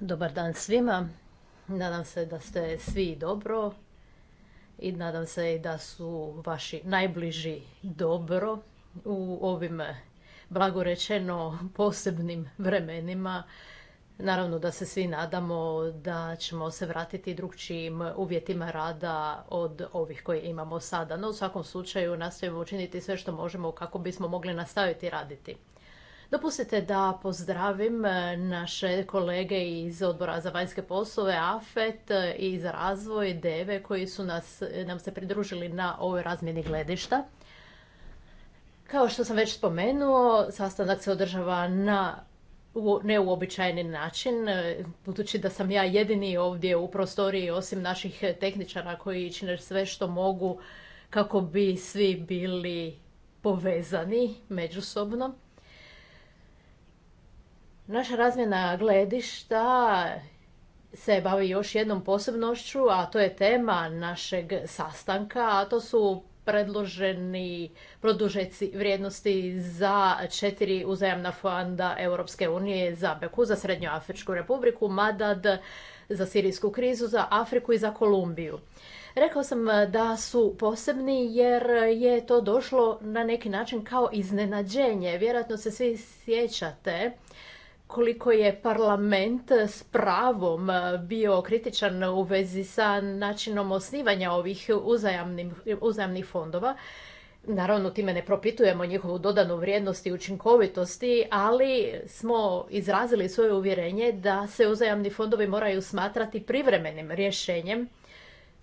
Dobar dan svima. Nadam se da ste svi dobro i nadam se i da su vaši najbliži dobro u ovim blagorečeno posebnim vremenima. Naravno da se svi nadamo da ćemo se vratiti drugčijim uvjetima rada od ovih koje imamo sada. No u svakom slučaju nastavimo učiniti sve što možemo kako bismo mogli nastaviti raditi. Dopustite da pozdravim e, naše kolege iz Odbora za vanjske poslove, AFET e, i za razvoj, DEVE, koji su e, nam se pridružili na ovoj razmjeni gledišta. Kao što sam već spomenuo, sastanak se održava na neuobičajeni način, budući da sam ja jedini ovdje u prostoriji osim naših tehničara koji čine sve što mogu kako bi svi bili povezani međusobno. Naša razmjena gledišta se bavi još jednom posebnošću, a to je tema našeg sastanka, a to su predloženi produžeci vrijednosti za četiri uzajamna fonda Europske unije za Beku, za Srednjoafričku republiku, Madad, za sirijsku krizu, za Afriku i za Kolumbiju. Rekao sam da su posebni jer je to došlo na neki način kao iznenađenje. Vjerojatno se svi sjećate koliko je parlament s pravom bio kritičan u vezi sa načinom osnivanja ovih uzajamnih fondova. Naravno, time ne propitujemo njihovu dodanu vrijednost i učinkovitosti, ali smo izrazili svoje uvjerenje da se uzajamni fondovi moraju smatrati privremenim rješenjem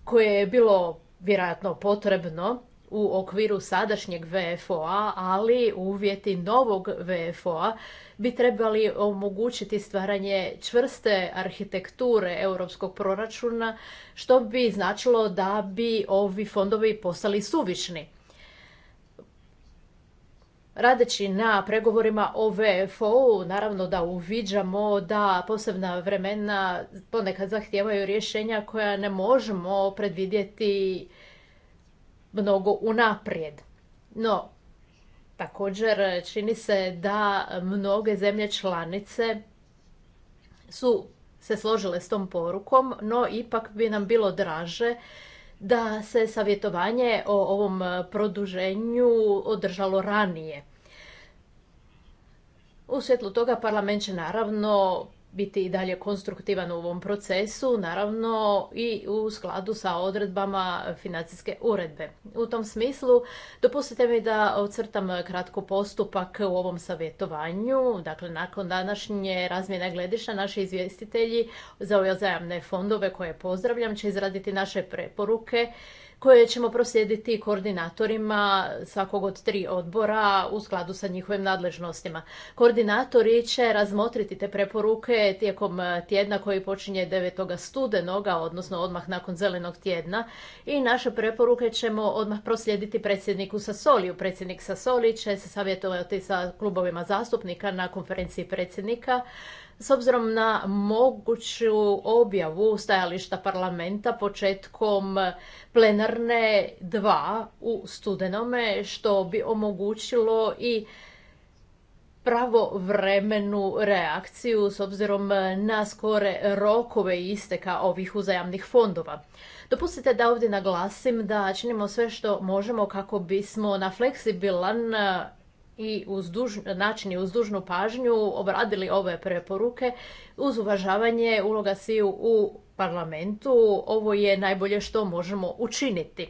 koje je bilo vjerojatno potrebno u okviru sadašnjeg VFO-a, ali uvjeti novog VFO-a bi trebali omogućiti stvaranje čvrste arhitekture europskog proračuna, što bi značilo da bi ovi fondovi postali suvišni. Radeći na pregovorima o VFO-u, naravno da uviđamo da posebna vremena ponekad zahtijevaju rješenja koja ne možemo predvidjeti mnogo unaprijed. No, također čini se da mnoge zemlje članice su se složile s tom porukom, no ipak bi nam bilo draže da se savjetovanje o ovom produženju održalo ranije. U svjetlu toga parlament će naravno biti i dalje konstruktivan u ovom procesu, naravno i u skladu sa odredbama financijske uredbe. U tom smislu dopustite mi da ocrtam kratko postupak u ovom savjetovanju. Dakle, nakon današnje razmjene gledišta naši izvjestitelji za ove fondove koje pozdravljam će izraditi naše preporuke koje ćemo proslijediti koordinatorima svakog od tri odbora u skladu sa njihovim nadležnostima. Koordinatori će razmotriti te preporuke tijekom eh, tjedna koji počinje 9. studenoga, odnosno odmah nakon zelenog tjedna i naše preporuke ćemo odmah proslijediti predsjedniku Sasoliju. Predsjednik Sasoli će se savjetovati sa klubovima zastupnika na konferenciji predsjednika s obzirom na moguću objavu stajališta parlamenta početkom plenarne 2 u studenome, što bi omogućilo i pravovremenu reakciju s obzirom na skore rokove isteka ovih uzajamnih fondova. Dopustite da ovdje naglasim da činimo sve što možemo kako bismo na fleksibilan i uz duž, i uz dužnu pažnju obradili ove preporuke uz uvažavanje uloga sviju u parlamentu. Ovo je najbolje što možemo učiniti.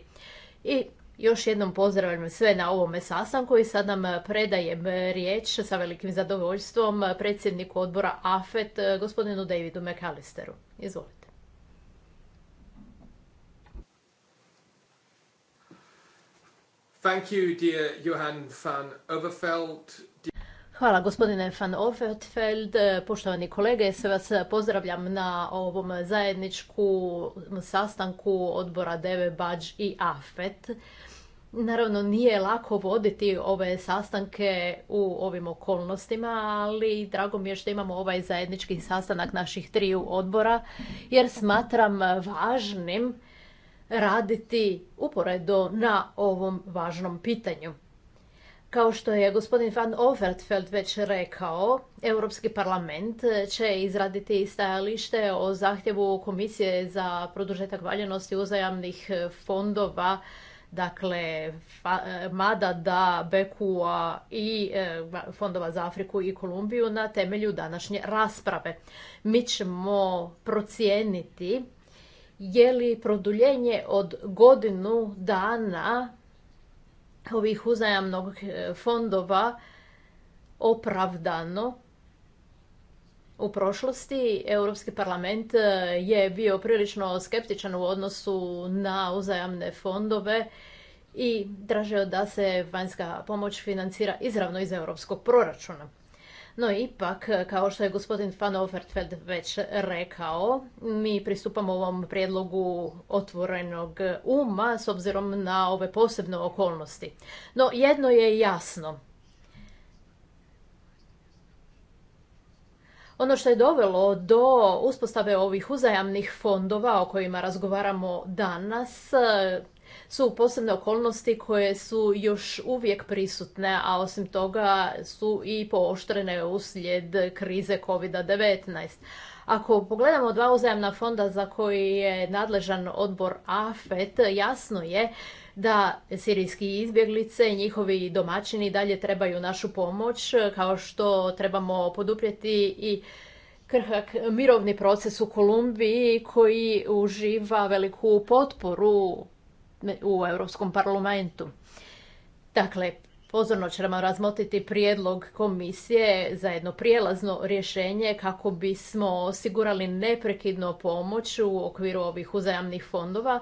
I još jednom pozdravljam sve na ovome sastanku i sad nam predajem riječ sa velikim zadovoljstvom predsjedniku odbora AFET, gospodinu Davidu McAllisteru. Izvolite. Hvala gospodine Van Overveld. poštovani kolege, sve vas pozdravljam na ovom zajedničkom sastanku odbora Deve, Bađ i AFET. Naravno nije lako voditi ove sastanke u ovim okolnostima, ali drago mi je što imamo ovaj zajednički sastanak naših triju odbora, jer smatram važnim raditi uporedo na ovom važnom pitanju. Kao što je gospodin Van Overtfeld već rekao, Europski parlament će izraditi stajalište o zahtjevu Komisije za produžetak valjenosti uzajamnih fondova, dakle Mada, Da, Bekua i e, fondova za Afriku i Kolumbiju na temelju današnje rasprave. Mi ćemo procijeniti je li produljenje od godinu dana ovih uzajamnog e, fondova opravdano. U prošlosti Europski parlament e, je bio prilično skeptičan u odnosu na uzajamne fondove i tražio da se vanjska pomoć financira izravno iz europskog proračuna. No ipak, kao što je gospodin Van Overtveld već rekao, mi pristupamo ovom prijedlogu otvorenog uma s obzirom na ove posebne okolnosti. No jedno je jasno. Ono što je dovelo do uspostave ovih uzajamnih fondova o kojima razgovaramo danas su posebne okolnosti koje su još uvijek prisutne, a osim toga su i pooštrene uslijed krize COVID-19. Ako pogledamo dva uzajemna fonda za koji je nadležan odbor AFET, jasno je da sirijski izbjeglice i njihovi domaćini dalje trebaju našu pomoć, kao što trebamo poduprijeti i krhak mirovni proces u Kolumbiji koji uživa veliku potporu u Europskom parlamentu. Dakle, pozorno ćemo razmotiti prijedlog komisije za jedno prijelazno rješenje kako bismo osigurali neprekidno pomoć u okviru ovih uzajamnih fondova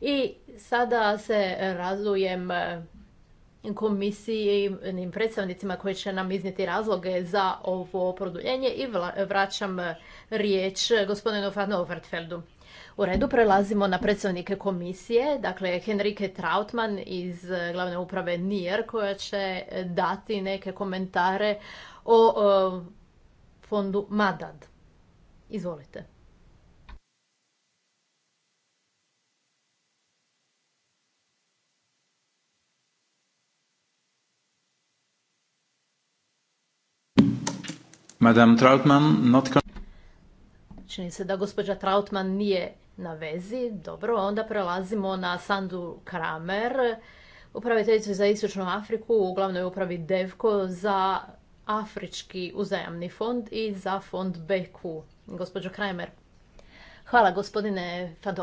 i sada se razlujem komisiji i predstavnicima koji će nam iznijeti razloge za ovo produljenje i vraćam riječ gospodinu Fadnu Overtfeldu. U redu prelazimo na predstavnike komisije, dakle Henrike Trautman iz e, glavne uprave NIR koja će e, dati neke komentare o, e, fondu Madad. Izvolite. Madame Trautmann, not... Čini se da gospođa Trautman nije na vezi. Dobro, onda prelazimo na Sandu Kramer, upraviteljicu za Istočnu Afriku u glavnoj upravi DEVKO za Afrički uzajamni fond i za fond Beku. Gospođo Kramer. Hvala gospodine Van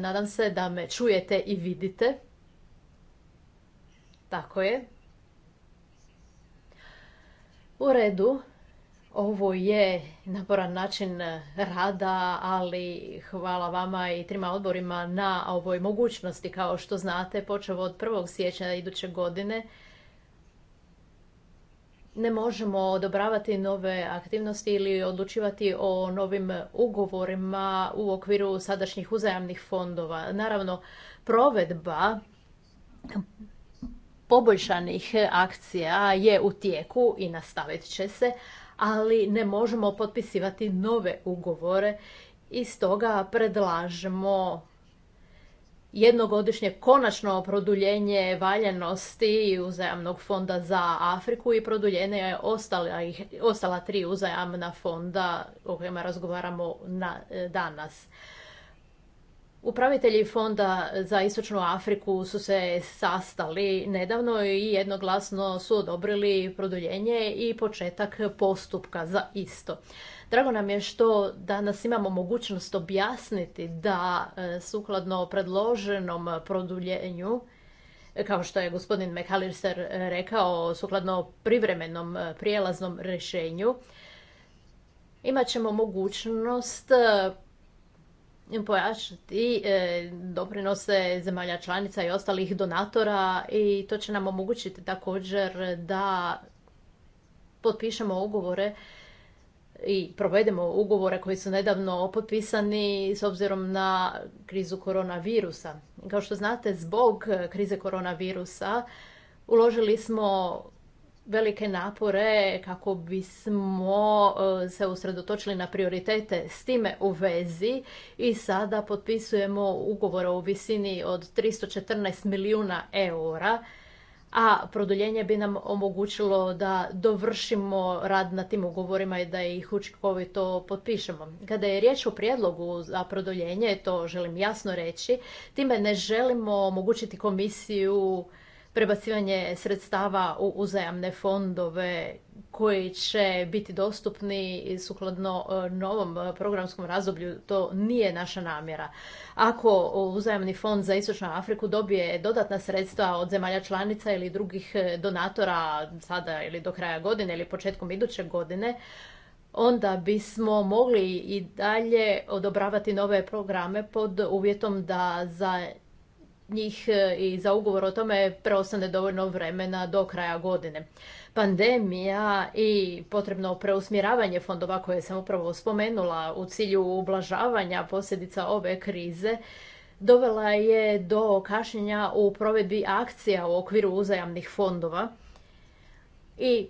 Nadam se da me čujete i vidite. Tako je. U redu. Ovo je naporan način rada, ali hvala vama i trima odborima na ovoj mogućnosti. Kao što znate, počeo od 1. siječnja iduće godine ne možemo odobravati nove aktivnosti ili odlučivati o novim ugovorima u okviru sadašnjih uzajamnih fondova. Naravno, provedba poboljšanih akcija je u tijeku i nastavit će se, ali ne možemo potpisivati nove ugovore i stoga predlažemo jednogodišnje konačno produljenje valjanosti uzajamnog fonda za Afriku i produljenje ostala, ostala tri uzajamna fonda o kojima razgovaramo na, danas. Upravitelji Fonda za Istočnu Afriku su se sastali nedavno i jednoglasno su odobrili produljenje i početak postupka za isto. Drago nam je što danas imamo mogućnost objasniti da e, sukladno predloženom produljenju e, kao što je gospodin McAllister rekao, sukladno privremenom e, prijelaznom rješenju, imat ćemo mogućnost pojačati e, doprinose zemalja članica i ostalih donatora i to će nam omogućiti također da potpišemo ugovore i provedemo ugovore koji su nedavno potpisani s obzirom na krizu koronavirusa. Kao što znate, zbog krize koronavirusa uložili smo velike napore kako bismo e, se usredotočili na prioritete s time u vezi i sada potpisujemo ugovor u visini od 314 milijuna eura, a produljenje bi nam omogućilo da dovršimo rad na tim ugovorima i da ih učinkovito potpišemo. Kada je riječ o prijedlogu za produljenje, to želim jasno reći, time ne želimo omogućiti komisiju prebacivanje sredstava u uzajamne fondove koji će biti dostupni sukladno e, novom e, programskom razdoblju, to nije naša namjera. Ako uzajamni fond za Istočnu Afriku dobije dodatna sredstva od zemalja članica ili drugih e, donatora sada ili do kraja godine ili početkom iduće godine, onda bismo mogli i dalje odobravati nove programe pod uvjetom da za njih e, i za ugovor o tome preostane dovoljno vremena do kraja godine. Pandemija i potrebno preusmjeravanje fondova koje sam upravo spomenula u cilju ublažavanja posljedica ove krize dovela je do kašnjenja u provedbi akcija u okviru uzajamnih fondova i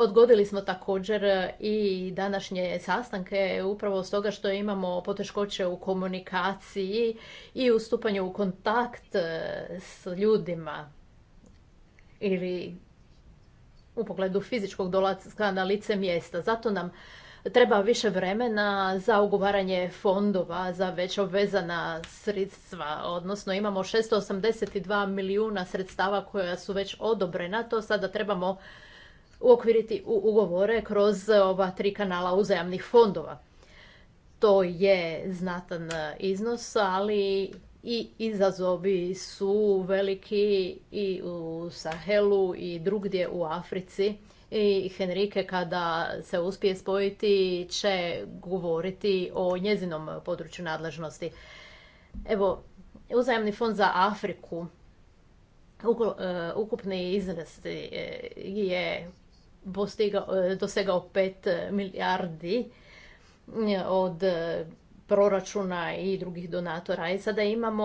Odgodili smo također e, i današnje sastanke upravo stoga što imamo poteškoće u komunikaciji i u u kontakt e, s ljudima ili u pogledu fizičkog dolaska na lice mjesta. Zato nam treba više vremena za ugovaranje fondova za već obvezana sredstva, odnosno imamo 682 milijuna sredstava koja su već odobrena, to sada trebamo uokviriti u ugovore kroz ova tri kanala uzajamnih fondova. To je znatan e, iznos, ali i izazovi su veliki i u Sahelu i drugdje u Africi. I Henrike kada se uspije spojiti će govoriti o njezinom području nadležnosti. Evo, uzajemni fond za Afriku e, ukupni iznos e, je postigao, e, dosegao pet e, milijardi e, od proračuna i drugih donatora. I sada imamo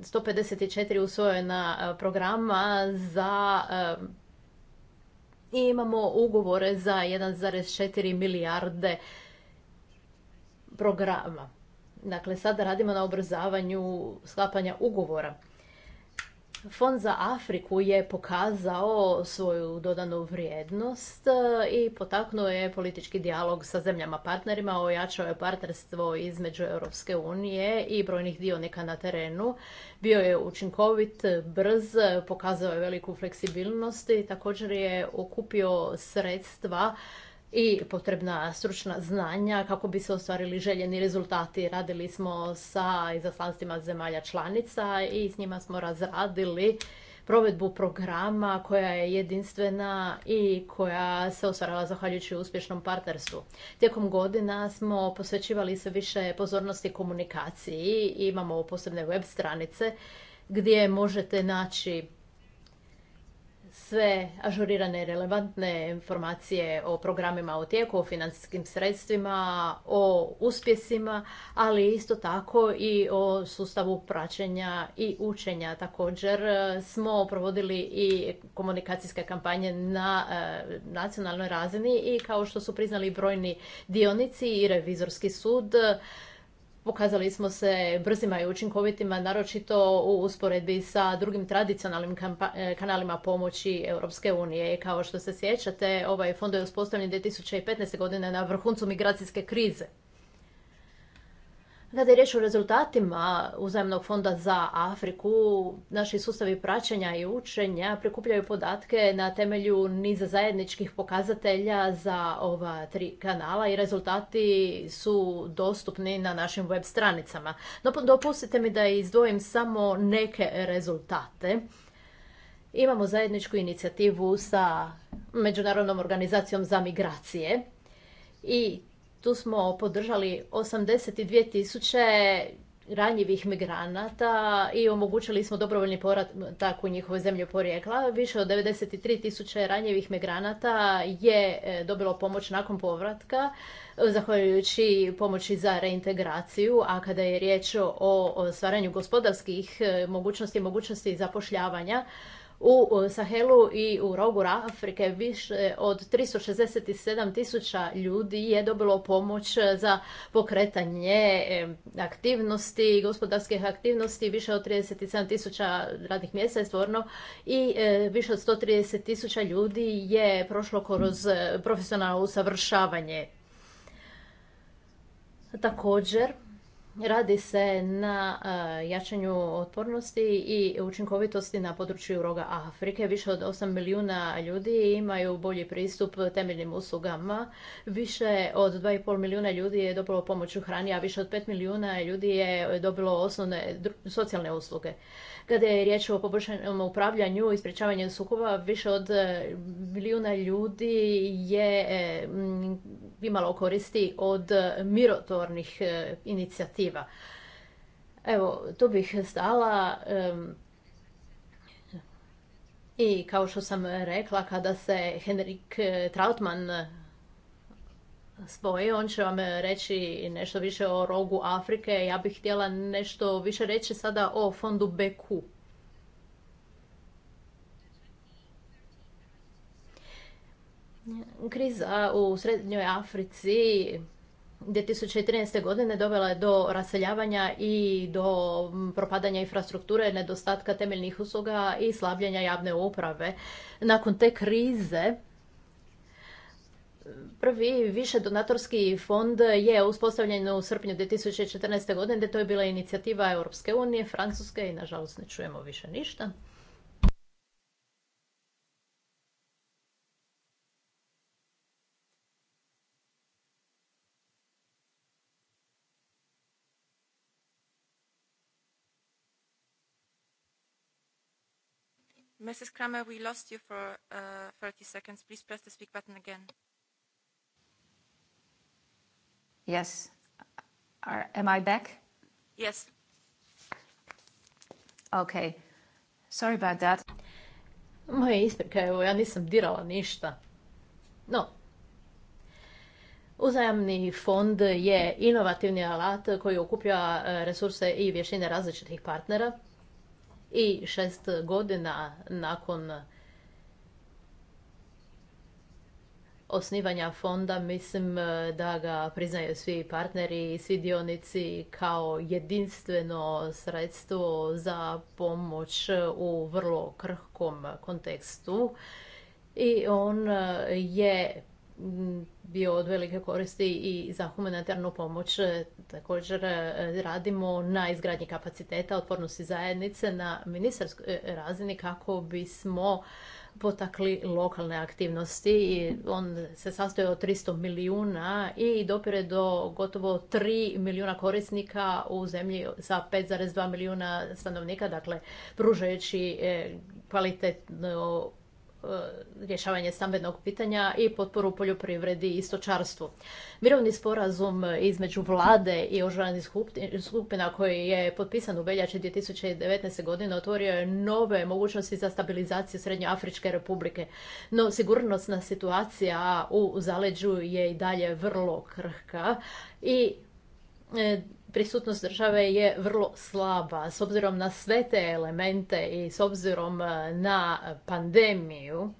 154 usvojena programa za i imamo ugovore za 1,4 milijarde programa. Dakle, sada radimo na obrzavanju sklapanja ugovora. Fond za Afriku je pokazao svoju dodanu vrijednost e, i potaknuo je politički dijalog sa zemljama partnerima, ojačao je partnerstvo između Europske unije i brojnih dionika na terenu. Bio je učinkovit, brz, pokazao je veliku fleksibilnost i također je okupio sredstva i potrebna stručna znanja kako bi se ostvarili željeni rezultati. Radili smo sa izaslanstvima zemalja članica i s njima smo razradili provedbu programa koja je jedinstvena i koja se ostvarala zahvaljujući uspješnom partnerstvu. Tijekom godina smo posvećivali se više pozornosti komunikaciji i imamo posebne web stranice gdje možete naći sve ažurirane relevantne informacije o programima u tijeku, o financijskim sredstvima, o uspjesima, ali isto tako i o sustavu praćenja i učenja. Također e, smo provodili i komunikacijske kampanje na e, nacionalnoj razini i kao što su priznali brojni dionici i revizorski sud, Pokazali smo se brzima i učinkovitima, naročito u usporedbi sa drugim tradicionalnim e, kanalima pomoći Europske unije. Kao što se sjećate, ovaj fond je uspostavljen 2015. godine na vrhuncu migracijske krize. Kada je riječ o rezultatima Uzajemnog fonda za Afriku, naši sustavi praćenja i učenja prikupljaju podatke na temelju niza zajedničkih pokazatelja za ova tri kanala i rezultati su dostupni na našim web stranicama. No, dopustite mi da izdvojim samo neke rezultate. Imamo zajedničku inicijativu sa Međunarodnom organizacijom za migracije i tu smo podržali 82 tisuće ranjivih migranata i omogućili smo dobrovoljni povratak u njihovoj zemlji porijekla. Više od 93 tisuće ranjivih migranata je e, dobilo pomoć nakon povratka, zahvaljujući pomoći za reintegraciju, a kada je riječ o stvaranju gospodarskih e, mogućnosti i mogućnosti zapošljavanja, u Sahelu i u rogu Afrike više od 367 tisuća ljudi je dobilo pomoć za pokretanje aktivnosti, gospodarskih aktivnosti, više od 37 tisuća radnih mjesta je stvorno i e, više od 130 tisuća ljudi je prošlo kroz profesionalno usavršavanje. Također, Radi se na eh, jačanju otpornosti i učinkovitosti na području roga Afrike. Više od 8 milijuna ljudi imaju bolji pristup temeljnim uslugama. Više od 2,5 milijuna ljudi je dobilo pomoć u hrani, a više od 5 milijuna ljudi je dobilo osnovne socijalne usluge. Kada je riječ o poboljšanom upravljanju i sprečavanju sukoba, više od e, milijuna ljudi je e, imalo koristi od mirotornih e, inicijativa. Evo, tu bih stala. I kao što sam rekla, kada se Henrik Trautmann spoji. On će vam e, reći nešto više o rogu Afrike. Ja bih htjela nešto više reći sada o fondu BQ. Kriza u Srednjoj Africi 2013. godine dovela je do raseljavanja i do propadanja infrastrukture, nedostatka temeljnih usluga i slabljenja javne uprave. Nakon te krize Prvi više donatorski fond je uspostavljen u srpnju 2014. godine, to je bila inicijativa Europske unije, Francuske i nažalost ne čujemo više ništa. Mrs. Kramer, we lost you for uh, 30 seconds. Please press the speak button again. Yes. Are, am I back? Yes. Okay. Sorry about that. Moje isprika evo ja nisam dirala ništa. No, Uzajamni fond je inovativni alat koji okuplja e, resurse i vještine različitih partnera i šest godina nakon osnivanja fonda mislim e, da ga priznaju svi partneri i svi dionici kao jedinstveno sredstvo za pomoć u vrlo krhkom kontekstu i on e, je bio od velike koristi i za humanitarnu pomoć. E, također radimo na izgradnji kapaciteta otpornosti zajednice na ministarskoj razini kako bismo potakli lokalne aktivnosti. On se sastoji od 300 milijuna i dopire do gotovo 3 milijuna korisnika u zemlji sa 5,2 milijuna stanovnika, dakle pružajući e, kvalitetno E, rješavanje stambenog pitanja i potporu poljoprivredi i stočarstvu. Mirovni sporazum između vlade i ožuranih skupina koji je potpisan u veljači 2019. godine otvorio je nove mogućnosti za stabilizaciju Srednjoafričke republike. No sigurnosna situacija u zaleđu je i dalje vrlo krhka i e, prisutnost države je vrlo slaba. S obzirom na sve te elemente i s obzirom e, na pandemiju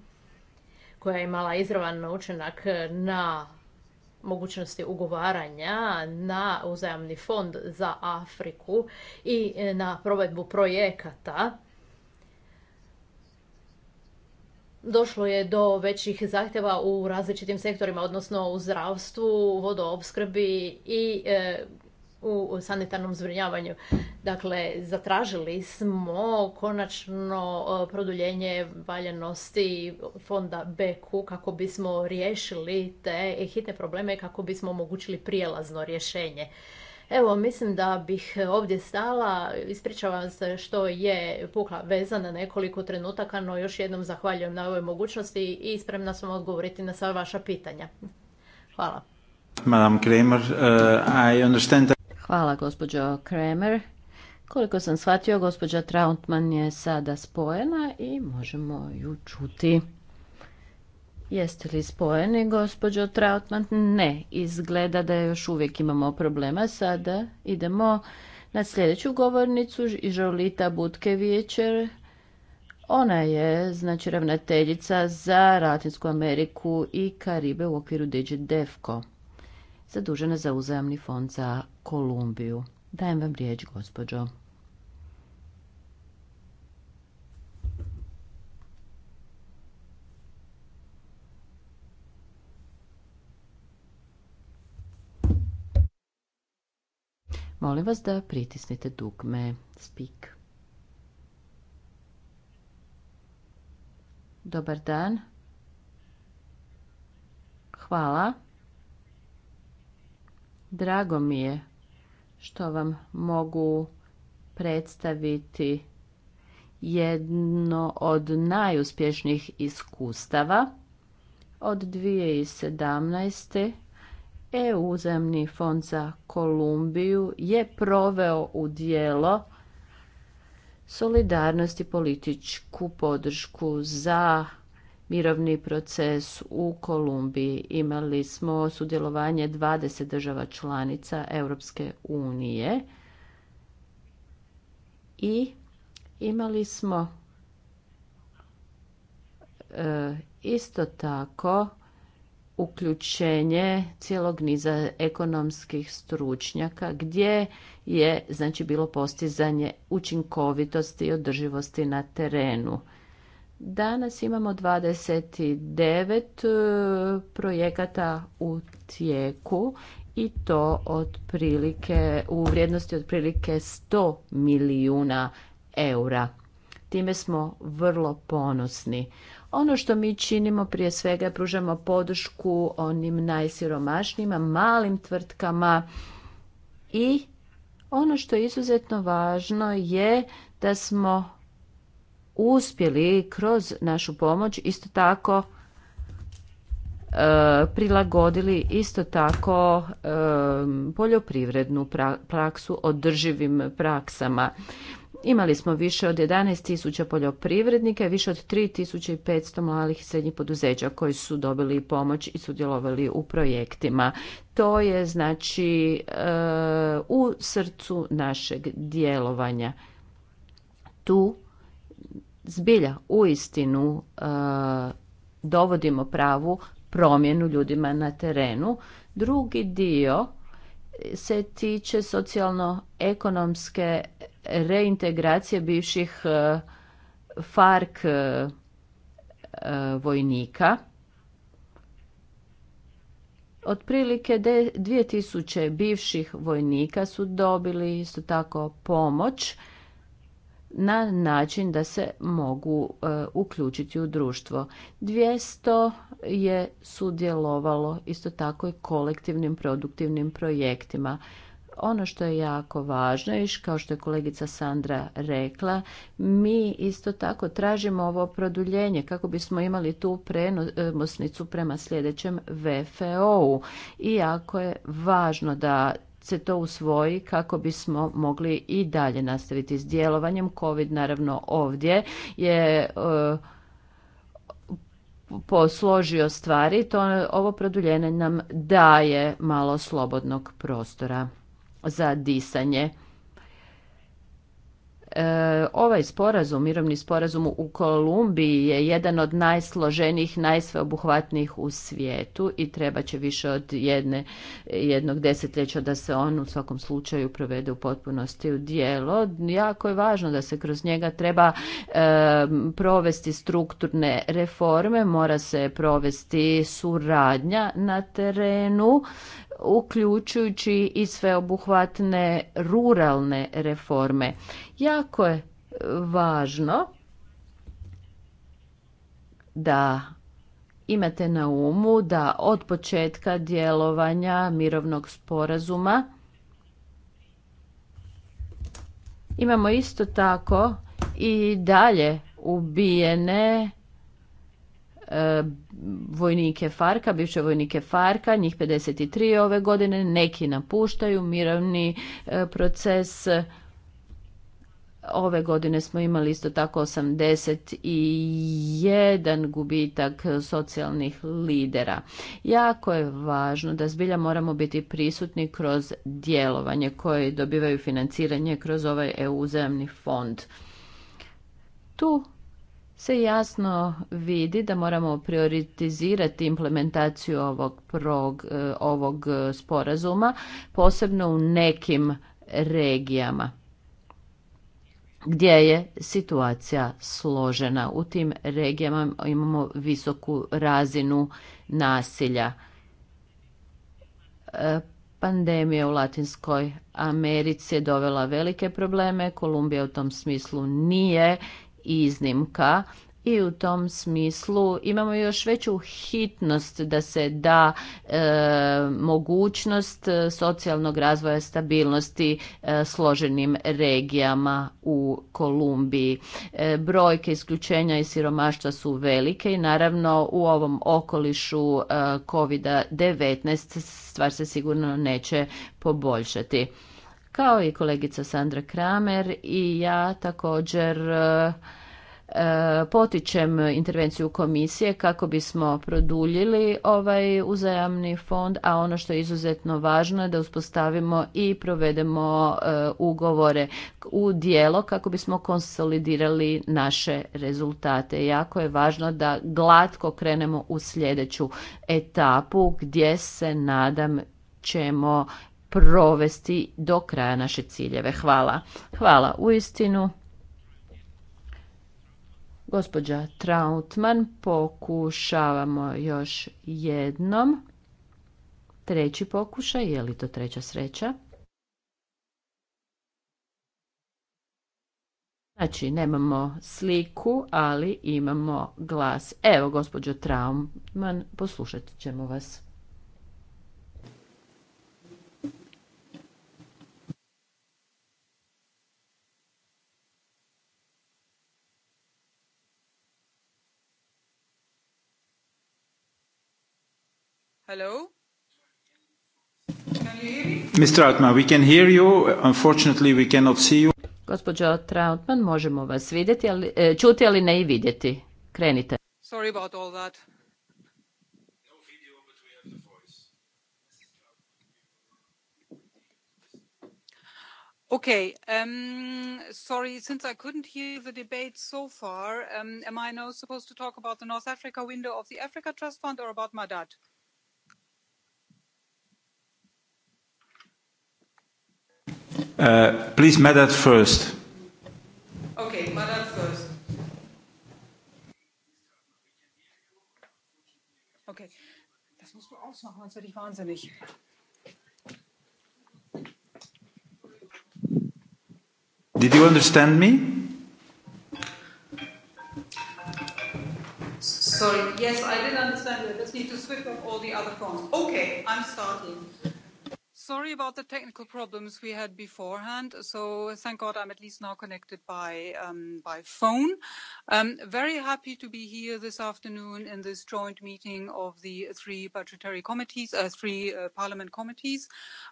koja je imala izravan učinak na mogućnosti ugovaranja na uzajamni fond za Afriku i e, na provedbu projekata. Došlo je do većih zahtjeva u različitim sektorima, odnosno u zdravstvu, vodoopskrbi i e, u sanitarnom zbrinjavanju. Dakle, zatražili smo konačno produljenje valjanosti fonda BQ kako bismo riješili te hitne probleme kako bismo omogućili prijelazno rješenje. Evo, mislim da bih ovdje stala. Ispričavam se što je pukla veza na nekoliko trenutaka, no još jednom zahvaljujem na ovoj mogućnosti i spremna sam odgovoriti na sva vaša pitanja. Hvala. Madame Kramer, uh, I understand that... Hvala gospođo Kramer. Koliko sam shvatio, gospođa Trautman je sada spojena i možemo ju čuti. Jeste li spojeni, gospođo Trautman? Ne, izgleda da još uvijek imamo problema. Sada idemo na sljedeću govornicu, Žolita Butkevićer. Ona je, znači, ravnateljica za Latinsku Ameriku i Karibe u okviru DEFKO zadužena za uzajamni fond za Kolumbiju. Dajem vam riječ, gospođo. Molim vas da pritisnite dugme Speak. Dobar dan. Hvala. Drago mi je što vam mogu predstaviti jedno od najuspješnijih iskustava od 2017. EU uzemni fond za Kolumbiju je proveo u dijelo solidarnost i političku podršku za mirovni proces u Kolumbiji. Imali smo sudjelovanje 20 država članica Europske unije i imali smo e, isto tako uključenje cijelog niza ekonomskih stručnjaka gdje je znači bilo postizanje učinkovitosti i održivosti na terenu. Danas imamo 29 e, projekata u tijeku i to otprilike u vrijednosti otprilike 100 milijuna eura. Time smo vrlo ponosni. Ono što mi činimo prije svega pružamo podršku onim najsiromašnijima, malim tvrtkama i ono što je izuzetno važno je da smo uspjeli kroz našu pomoć isto tako e, prilagodili isto tako e, poljoprivrednu praksu održivim praksama. Imali smo više od 11.000 poljoprivrednika i više od 3.500 malih i srednjih poduzeća koji su dobili pomoć i sudjelovali u projektima. To je znači e, u srcu našeg djelovanja. Tu zbilja istinu, e, dovodimo pravu promjenu ljudima na terenu. Drugi dio se tiče socijalno-ekonomske reintegracije bivših e, fark FARC e, e, vojnika. Otprilike 2000 bivših vojnika su dobili isto tako pomoć na način da se mogu e, uključiti u društvo. 200 je sudjelovalo isto tako i kolektivnim produktivnim projektima. Ono što je jako važno i kao što je kolegica Sandra rekla, mi isto tako tražimo ovo produljenje kako bismo imali tu prenosnicu prema sljedećem VFO-u. Iako je važno da se to usvoji kako bismo mogli i dalje nastaviti s djelovanjem. COVID naravno ovdje je e, posložio stvari, to ovo produljenje nam daje malo slobodnog prostora za disanje. E, ovaj sporazum, mirovni sporazum u Kolumbiji je jedan od najsloženijih, najsveobuhvatnijih u svijetu i treba će više od jedne, jednog desetljeća da se on u svakom slučaju provede u potpunosti u dijelo. Jako je važno da se kroz njega treba e, provesti strukturne reforme, mora se provesti suradnja na terenu uključujući i sveobuhvatne ruralne reforme. Jako je e, važno da imate na umu da od početka djelovanja mirovnog sporazuma imamo isto tako i dalje ubijene E, vojnike Farka, bivše vojnike Farka, njih 53 ove godine, neki napuštaju mirovni e, proces. Ove godine smo imali isto tako 81 gubitak socijalnih lidera. Jako je važno da zbilja moramo biti prisutni kroz djelovanje koje dobivaju financiranje kroz ovaj EU uzajamni fond. Tu se jasno vidi da moramo prioritizirati implementaciju ovog, e, ovog e, sporazuma, posebno u nekim regijama gdje je situacija složena. U tim regijama imamo visoku razinu nasilja. E, pandemija u Latinskoj Americi je dovela velike probleme. Kolumbija u tom smislu nije iznimka i u tom smislu imamo još veću hitnost da se da e, mogućnost e, socijalnog razvoja stabilnosti e, složenim regijama u Kolumbiji. brojke isključenja i siromaštva su velike i naravno u ovom okolišu COVID-19 stvar se sigurno neće poboljšati. Kao i kolegica Sandra Kramer i ja također e, e, potičem intervenciju komisije kako bismo produljili ovaj uzajamni fond, a ono što je izuzetno važno je da uspostavimo i provedemo e, ugovore u dijelo kako bismo konsolidirali naše rezultate. Jako je važno da glatko krenemo u sljedeću etapu gdje se nadam ćemo provesti do kraja naše ciljeve. Hvala. Hvala u istinu. Gospođa Trautman, pokušavamo još jednom. Treći pokušaj, je li to treća sreća? Znači, nemamo sliku, ali imamo glas. Evo, gospođo Trautman, poslušat ćemo vas. Hello? Mr. Altman, we can hear you. Unfortunately, we cannot see you. Gospođo Trautman, možemo vas vidjeti, ali, e, čuti, ali ne i vidjeti. Krenite. Sorry about all that. Okay. Um, sorry, since I couldn't hear the debate so far, um, am I now supposed to talk about the North Africa window of the Africa Trust Fund or about Madad? Uh, please, Madad first. Okay, Madad first. Okay, das musst du ausmachen, sonst werde ich wahnsinnig. Did you understand me? Sorry, yes, I did understand you. I just need to switch off all the other phones. Okay, I'm starting. Sorry about the technical problems we had beforehand. So thank God I'm at least now connected by um, by phone. Um, very happy to be here this afternoon in this joint meeting of the three budgetary committees, uh, three uh, parliament committees,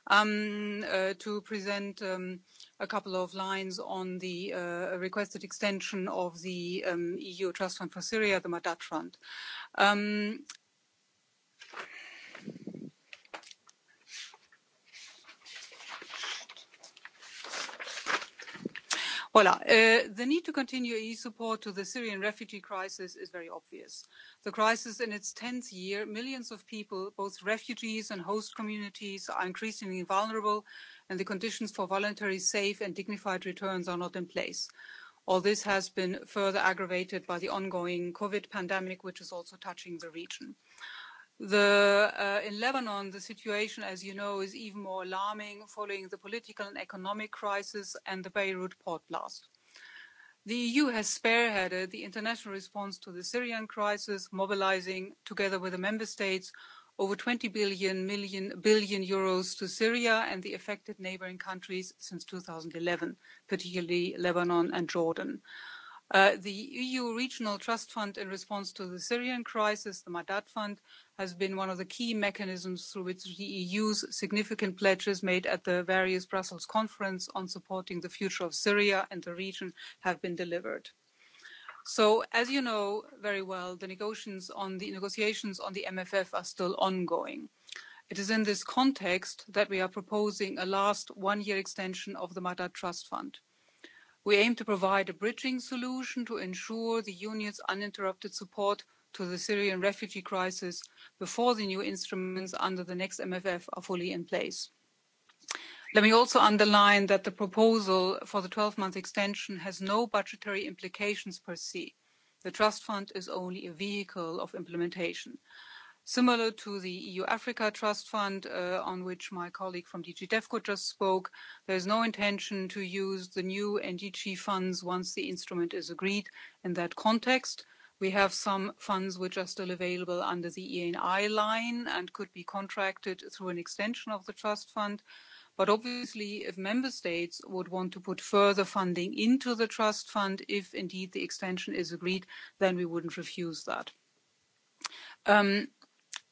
um, uh, to present um, a couple of lines on the uh, requested extension of the um, EU Trust Fund for Syria, the Madad Fund. Um, Voilà. Uh, the need to continue EU support to the Syrian refugee crisis is very obvious. The crisis in its 10th year, millions of people, both refugees and host communities, are increasingly vulnerable and the conditions for voluntary, safe and dignified returns are not in place. All this has been further aggravated by the ongoing COVID pandemic, which is also touching the region. The, uh, in Lebanon, the situation, as you know, is even more alarming following the political and economic crisis and the Beirut port blast. The EU has spearheaded the international response to the Syrian crisis, mobilizing, together with the member states, over 20 billion, million, billion euros to Syria and the affected neighboring countries since 2011, particularly Lebanon and Jordan. Uh, the EU Regional Trust Fund in response to the Syrian crisis, the Madad Fund, has been one of the key mechanisms through which the EU's significant pledges made at the various Brussels conference on supporting the future of Syria and the region have been delivered. So, as you know very well, the negotiations on the, negotiations on the MFF are still ongoing. It is in this context that we are proposing a last one-year extension of the Madad Trust Fund We aim to provide a bridging solution to ensure the Union's uninterrupted support to the Syrian refugee crisis before the new instruments under the next MFF are fully in place. Let me also underline that the proposal for the 12-month extension has no budgetary implications per se. The Trust Fund is only a vehicle of implementation similar to the EU Africa Trust Fund, uh, on which my colleague from DG DEFCO just spoke. There is no intention to use the new NDG funds once the instrument is agreed in that context. We have some funds which are still available under the ENI line and could be contracted through an extension of the trust fund. But obviously, if member states would want to put further funding into the trust fund, if indeed the extension is agreed, then we wouldn't refuse that. Um,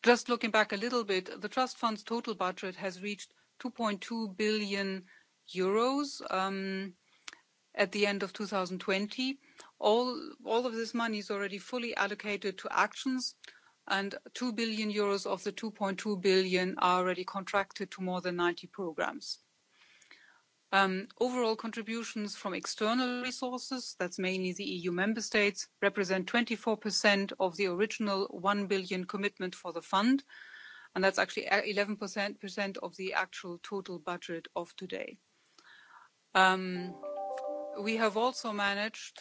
Just looking back a little bit, the trust fund's total budget has reached 2.2 billion euros um, at the end of 2020. All, all of this money is already fully allocated to actions, and 2 billion euros of the 2.2 billion are already contracted to more than 90 programs. Um, overall contributions from external resources, that's mainly the EU member states, represent 24% of the original 1 billion commitment for the fund, and that's actually 11% e, of the actual total budget of today. Um, we have also managed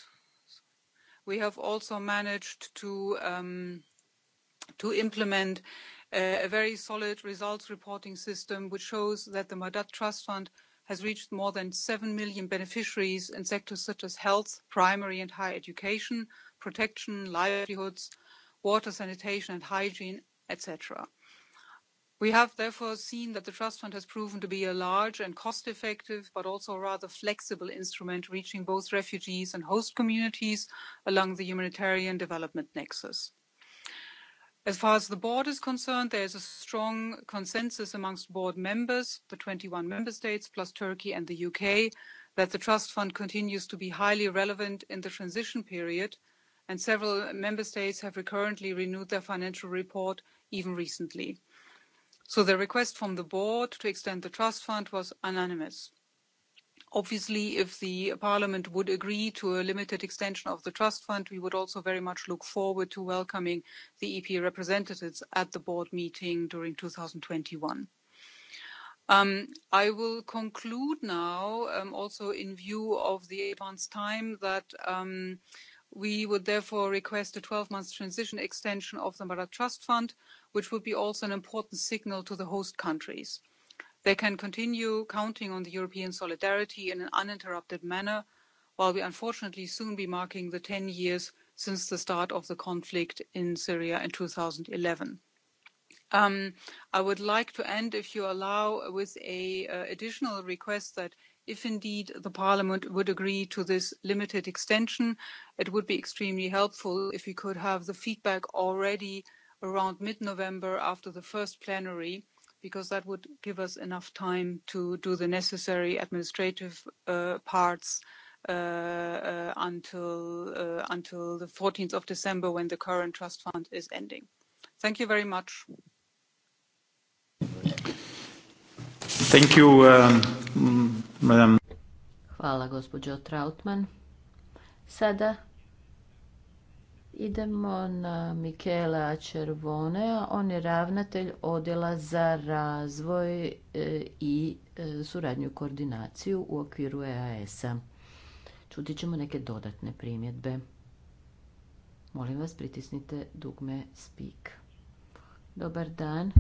we have also managed to um, to implement a, a very solid results reporting system, which shows that the Madat Trust Fund has reached more than seven million beneficiaries in sectors such as health primary and higher education protection livelihoods water sanitation and hygiene etc. we have therefore seen that the trust fund has proven to be a large and cost effective but also a rather flexible instrument reaching both refugees and host communities along the humanitarian development nexus. As far as the board is concerned, there is a strong consensus amongst board members, the 21 member states plus Turkey and the UK, that the trust fund continues to be highly relevant in the transition period, and several member states have recurrently renewed their financial report even recently. So the request from the board to extend the trust fund was unanimous. Obviously, if the Parliament would agree to a limited extension of the Trust Fund, we would also very much look forward to welcoming the EP representatives at the board meeting during 2021. Um, I will conclude now, um, also in view of the advanced time, that um, we would therefore request a 12-month transition extension of the Marat Trust Fund, which would be also an important signal to the host countries. They can continue counting on the European solidarity in an uninterrupted manner, while we unfortunately soon be marking the 10 years since the start of the conflict in Syria in 2011. Um, I would like to end, if you allow, with a uh, additional request that if indeed the Parliament would agree to this limited extension, it would be extremely helpful if we could have the feedback already around mid-November after the first plenary because that would give us enough time to do the necessary administrative uh, parts uh, uh, until uh, until the 14th of December when the current trust fund is ending. Thank you very much. Thank you, uh, Madam. Hvala, gospođo Trautman. Sada Idemo na Mikela Červonea, on je ravnatelj odjela za razvoj e, i e, suradnju i koordinaciju u okviru EAS-a. Čuti ćemo neke dodatne primjedbe. Molim vas, pritisnite dugme Speak. Dobar dan.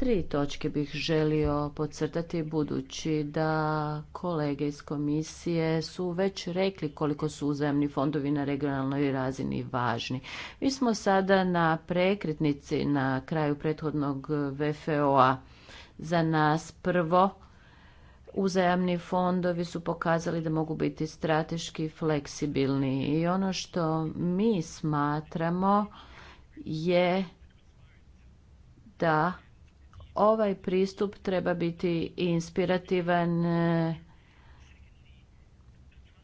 Tri točke bih želio podcrtati budući da kolege iz komisije su već rekli koliko su uzajamni fondovi na regionalnoj razini važni. Mi smo sada na prekretnici na kraju prethodnog VFO-a. Za nas prvo uzajamni fondovi su pokazali da mogu biti strateški fleksibilni i ono što mi smatramo je da Ovaj pristup treba biti inspirativan e,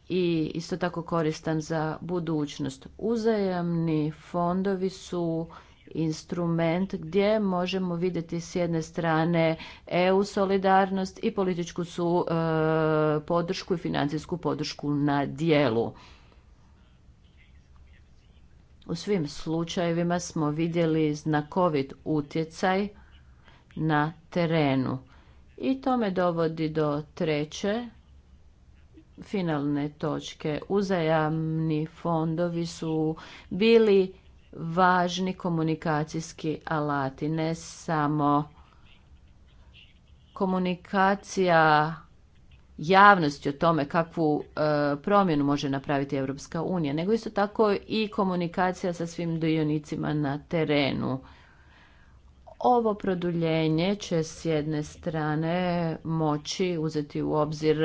i isto tako koristan za budućnost. Uzajamni fondovi su instrument gdje možemo vidjeti s jedne strane EU solidarnost i političku su e, podršku i financijsku podršku na dijelu. U svim slučajevima smo vidjeli znakovit utjecaj na terenu. I to me dovodi do treće finalne točke. Uzajamni fondovi su bili važni komunikacijski alati, ne samo komunikacija javnosti o tome kakvu e, promjenu može napraviti Europska unija, nego isto tako i komunikacija sa svim dionicima na terenu. Ovo produljenje će s jedne strane moći uzeti u obzir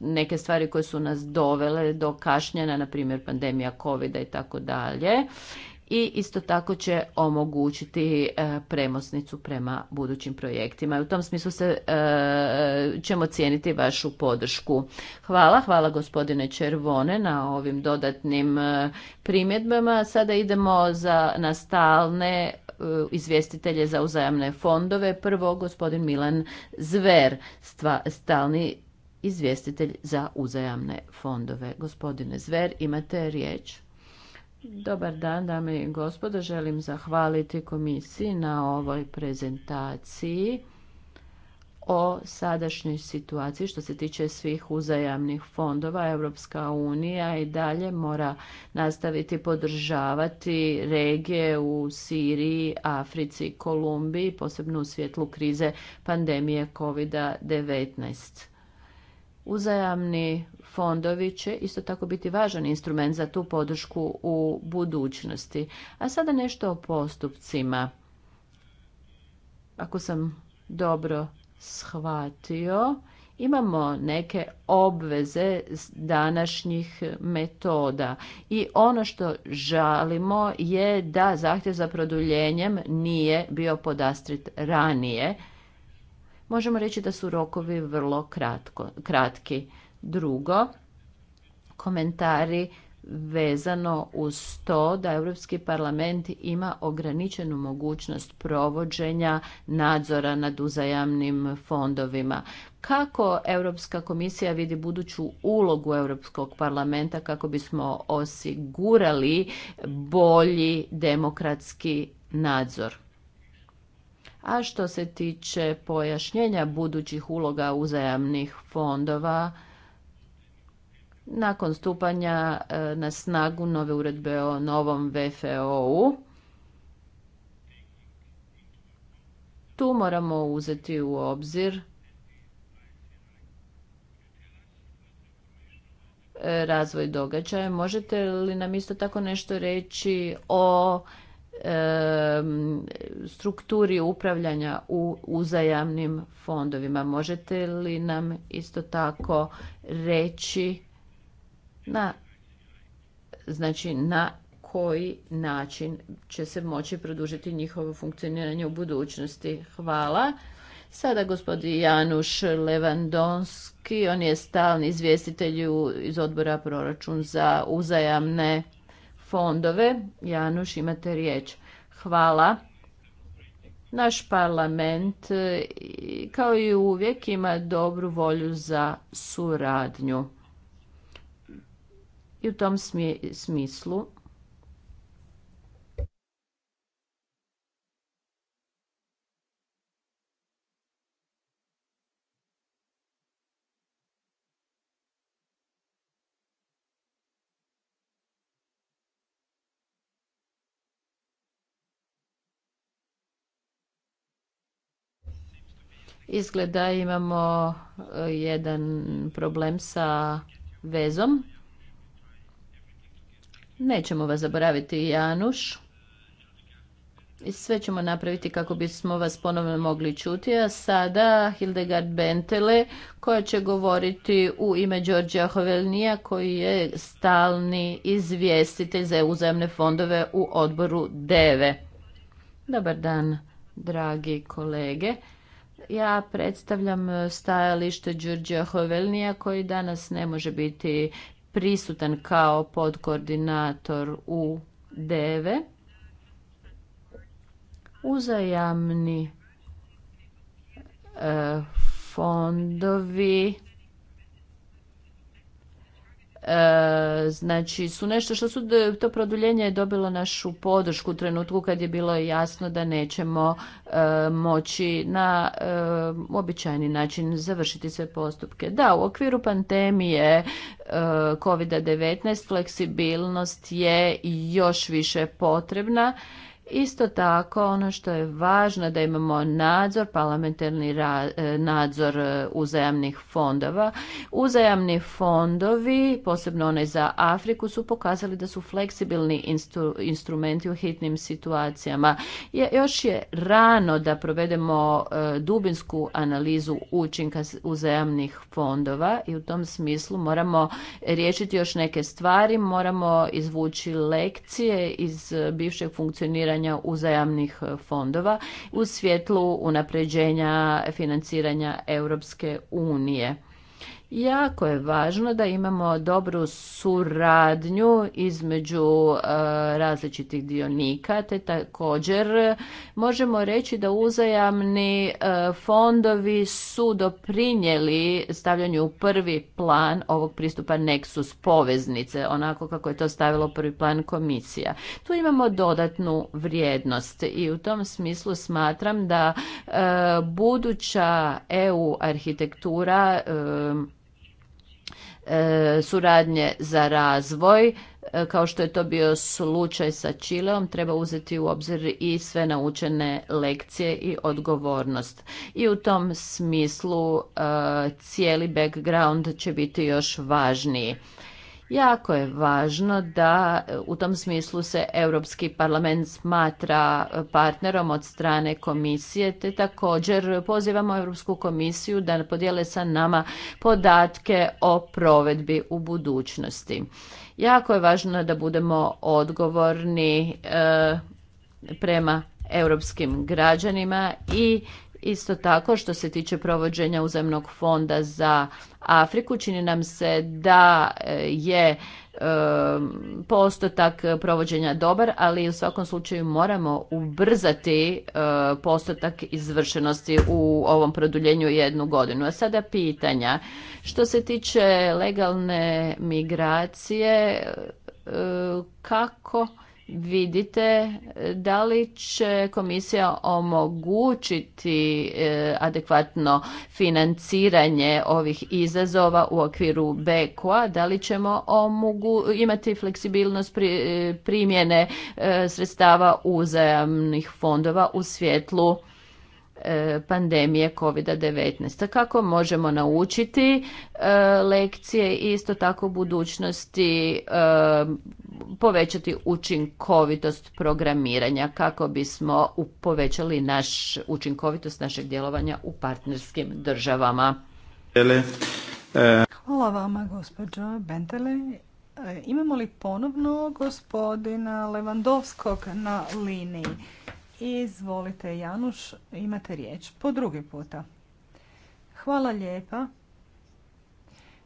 neke stvari koje su nas dovele do kašnjena, na primjer pandemija covid i tako dalje i isto tako će omogućiti e, premosnicu prema budućim projektima. I u tom smislu se, e, ćemo cijeniti vašu podršku. Hvala, hvala gospodine Červone na ovim dodatnim e, primjedbama. Sada idemo za, na stalne izvjestitelje za uzajamne fondove. Prvo gospodin Milan Zver, stalni izvjestitelj za uzajamne fondove. Gospodine Zver, imate riječ. Dobar dan, dame i gospodo. Želim zahvaliti komisiji na ovoj prezentaciji o sadašnjoj situaciji što se tiče svih uzajamnih fondova. Europska unija i dalje mora nastaviti podržavati regije u Siriji, Africi, i Kolumbiji, posebno u svjetlu krize pandemije COVID-19. Uzajamni fondovi će isto tako biti važan instrument za tu podršku u budućnosti. A sada nešto o postupcima. Ako sam dobro shvatio, imamo neke obveze današnjih metoda i ono što žalimo je da zahtjev za produljenjem nije bio podastrit ranije možemo reći da su rokovi vrlo kratki. Drugo, komentari vezano uz to da Europski parlament ima ograničenu mogućnost provođenja nadzora nad uzajamnim fondovima. Kako Europska komisija vidi buduću ulogu Europskog parlamenta kako bismo osigurali bolji demokratski nadzor? A što se tiče pojašnjenja budućih uloga uzajamnih fondova, nakon stupanja e, na snagu nove uredbe o novom VFO-u, tu moramo uzeti u obzir e, razvoj događaja. Možete li nam isto tako nešto reći o strukturi upravljanja u uzajamnim fondovima. Možete li nam isto tako reći na znači na koji način će se moći produžiti njihovo funkcioniranje u budućnosti. Hvala. Sada gospodin Januš Levandonski, on je stalni izvjestitelj iz odbora proračun za uzajamne fondove. Januš, imate riječ. Hvala. Naš parlament, e, kao i uvijek, ima dobru volju za suradnju. I u tom smislu Izgleda imamo e, jedan problem sa vezom. Nećemo vas zaboraviti, Januš. I sve ćemo napraviti kako bismo vas ponovno mogli čuti. A sada Hildegard Bentele koja će govoriti u ime Đorđa Hovelnija koji je stalni izvjestitelj za uzajemne fondove u odboru DEVE. Dobar dan, dragi kolege. Ja predstavljam e, stajalište Đurđa Hovelnija koji danas ne može biti prisutan kao podkoordinator u DEVE. Uzajamni e, fondovi E, znači su nešto što su to produljenje je dobilo našu podršku u trenutku kad je bilo jasno da nećemo e, moći na e, običajni način završiti sve postupke. Da, u okviru pandemije COVID-19 fleksibilnost je još više potrebna Isto tako, ono što je važno da imamo nadzor, parlamentarni e, nadzor e, uzajamnih fondova. Uzajamni fondovi, posebno one za Afriku, su pokazali da su fleksibilni instrumenti u hitnim situacijama. Je, još je rano da provedemo e, dubinsku analizu učinka uzajamnih fondova i u tom smislu moramo riješiti još neke stvari, moramo izvući lekcije iz bivšeg funkcioniranja financiranja uzajamnih e, fondova u svjetlu unapređenja financiranja Europske unije. Jako je važno da imamo dobru suradnju između e, različitih dionika, te također možemo reći da uzajamni e, fondovi su doprinijeli stavljanju u prvi plan ovog pristupa Nexus poveznice, onako kako je to stavilo prvi plan komisija. Tu imamo dodatnu vrijednost i u tom smislu smatram da e, buduća EU arhitektura E, suradnje za razvoj, e, kao što je to bio slučaj sa Čileom, treba uzeti u obzir i sve naučene lekcije i odgovornost. I u tom smislu e, cijeli background će biti još važniji. Jako je važno da e, u tom smislu se Europski parlament smatra e, partnerom od strane komisije, te također pozivamo Europsku komisiju da podijele sa nama podatke o provedbi u budućnosti. Jako je važno da budemo odgovorni e, prema europskim građanima i Isto tako što se tiče provođenja uzemnog fonda za Afriku, čini nam se da e, je e, postotak provođenja dobar, ali u svakom slučaju moramo ubrzati e, postotak izvršenosti u ovom produljenju jednu godinu. A sada pitanja. Što se tiče legalne migracije, kako vidite eh, da li će komisija omogućiti eh, adekvatno financiranje ovih izazova u okviru beko da li ćemo imati fleksibilnost eh, primjene sredstava uzajamnih fondova u svjetlu E, pandemije COVID-19. Kako možemo naučiti e, lekcije i isto tako u budućnosti e, povećati učinkovitost programiranja kako bismo povećali naš učinkovitost našeg djelovanja u partnerskim državama. Hvala vama, gospođo Bentele. Imamo li ponovno gospodina Levandovskog na liniji? Izvolite Januš, imate riječ po drugi puta. Hvala lijepa.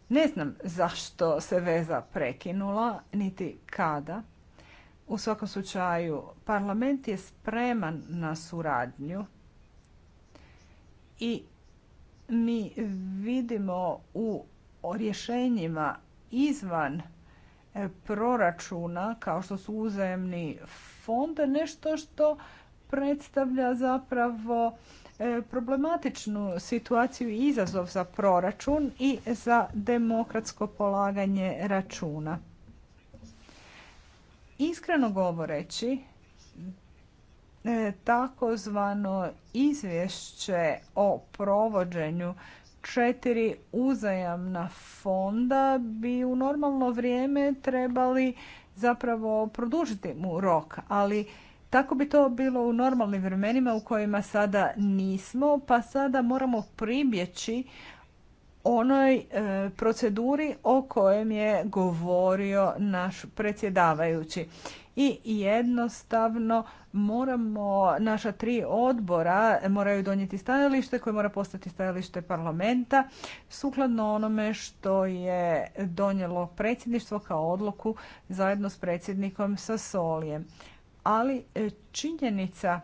Ne znam zašto se veza prekinula, niti kada. U svakom slučaju, parlament je spreman na suradnju i mi vidimo u rješenjima izvan e, proračuna, kao što su uzajemni fond, nešto što predstavlja zapravo e, problematičnu situaciju i izazov za proračun i za demokratsko polaganje računa. Iskreno govoreći, e, takozvano izvješće o provođenju četiri uzajamna fonda bi u normalno vrijeme trebali zapravo produžiti mu rok, ali tako bi to bilo u normalnim vremenima u kojima sada nismo, pa sada moramo pribjeći onoj e, proceduri o kojem je govorio naš predsjedavajući. I jednostavno moramo, naša tri odbora moraju donijeti stajalište koje mora postati stajalište parlamenta sukladno onome što je donijelo predsjedništvo kao odluku zajedno s predsjednikom sa solijem ali e, činjenica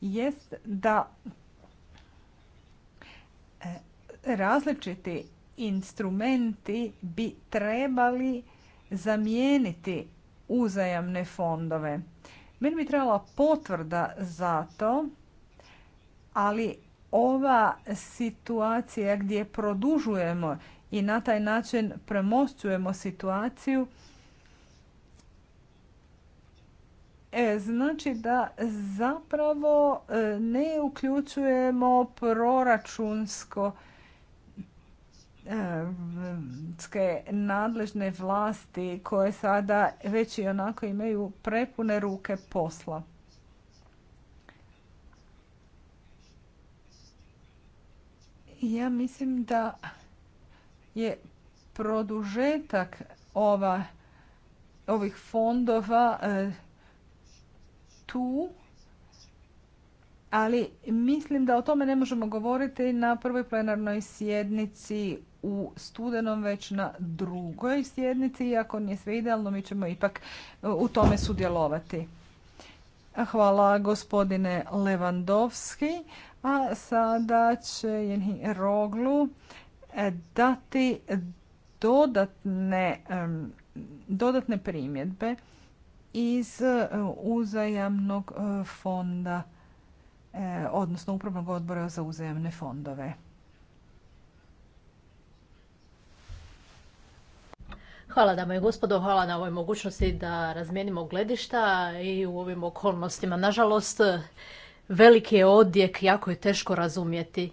jest da e, različiti instrumenti bi trebali zamijeniti uzajamne fondove. Meni bi trebala potvrda za to, ali ova situacija gdje produžujemo i na taj način premošćujemo situaciju E, znači da zapravo e, ne uključujemo proračunsko e, nadležne vlasti koje sada već i onako imaju prepune ruke posla. Ja mislim da je produžetak ova, ovih fondova tu, ali mislim da o tome ne možemo govoriti na prvoj plenarnoj sjednici u studenom, već na drugoj sjednici. Iako nije sve idealno, mi ćemo ipak e, u tome sudjelovati. Hvala gospodine Levandovski. A sada će Jenhi Roglu e, dati dodatne, dodatne primjedbe iz e, uzajamnog e, fonda, e, odnosno upravnog odbora za uzajamne fondove. Hvala dame i gospodo, hvala na ovoj mogućnosti da razmijenimo gledišta i u ovim okolnostima. Nažalost, veliki je odjek, jako je teško razumjeti.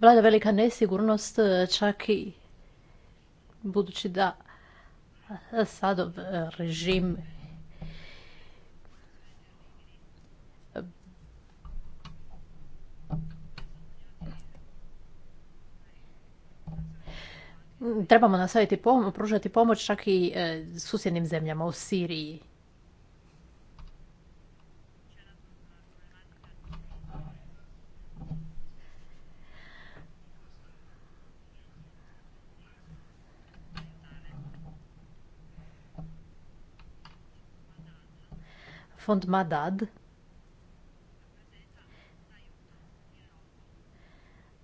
Vlada velika nesigurnost, čak i budući da e, Sadov e, režim e, trebamo nastaviti pružati pomoć čak i susjednim zemljama u Siriji. fond Madad.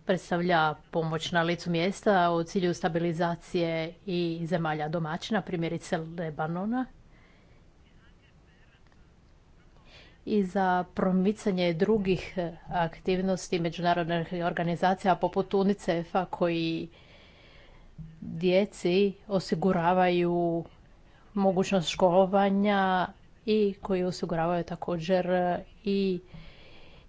Predstavlja pomoć na licu mjesta u cilju stabilizacije i zemalja domaćina, primjerice Lebanona. i za promicanje drugih aktivnosti međunarodnih organizacija poput UNICEF-a koji djeci osiguravaju mogućnost školovanja i koji osiguravaju također e, i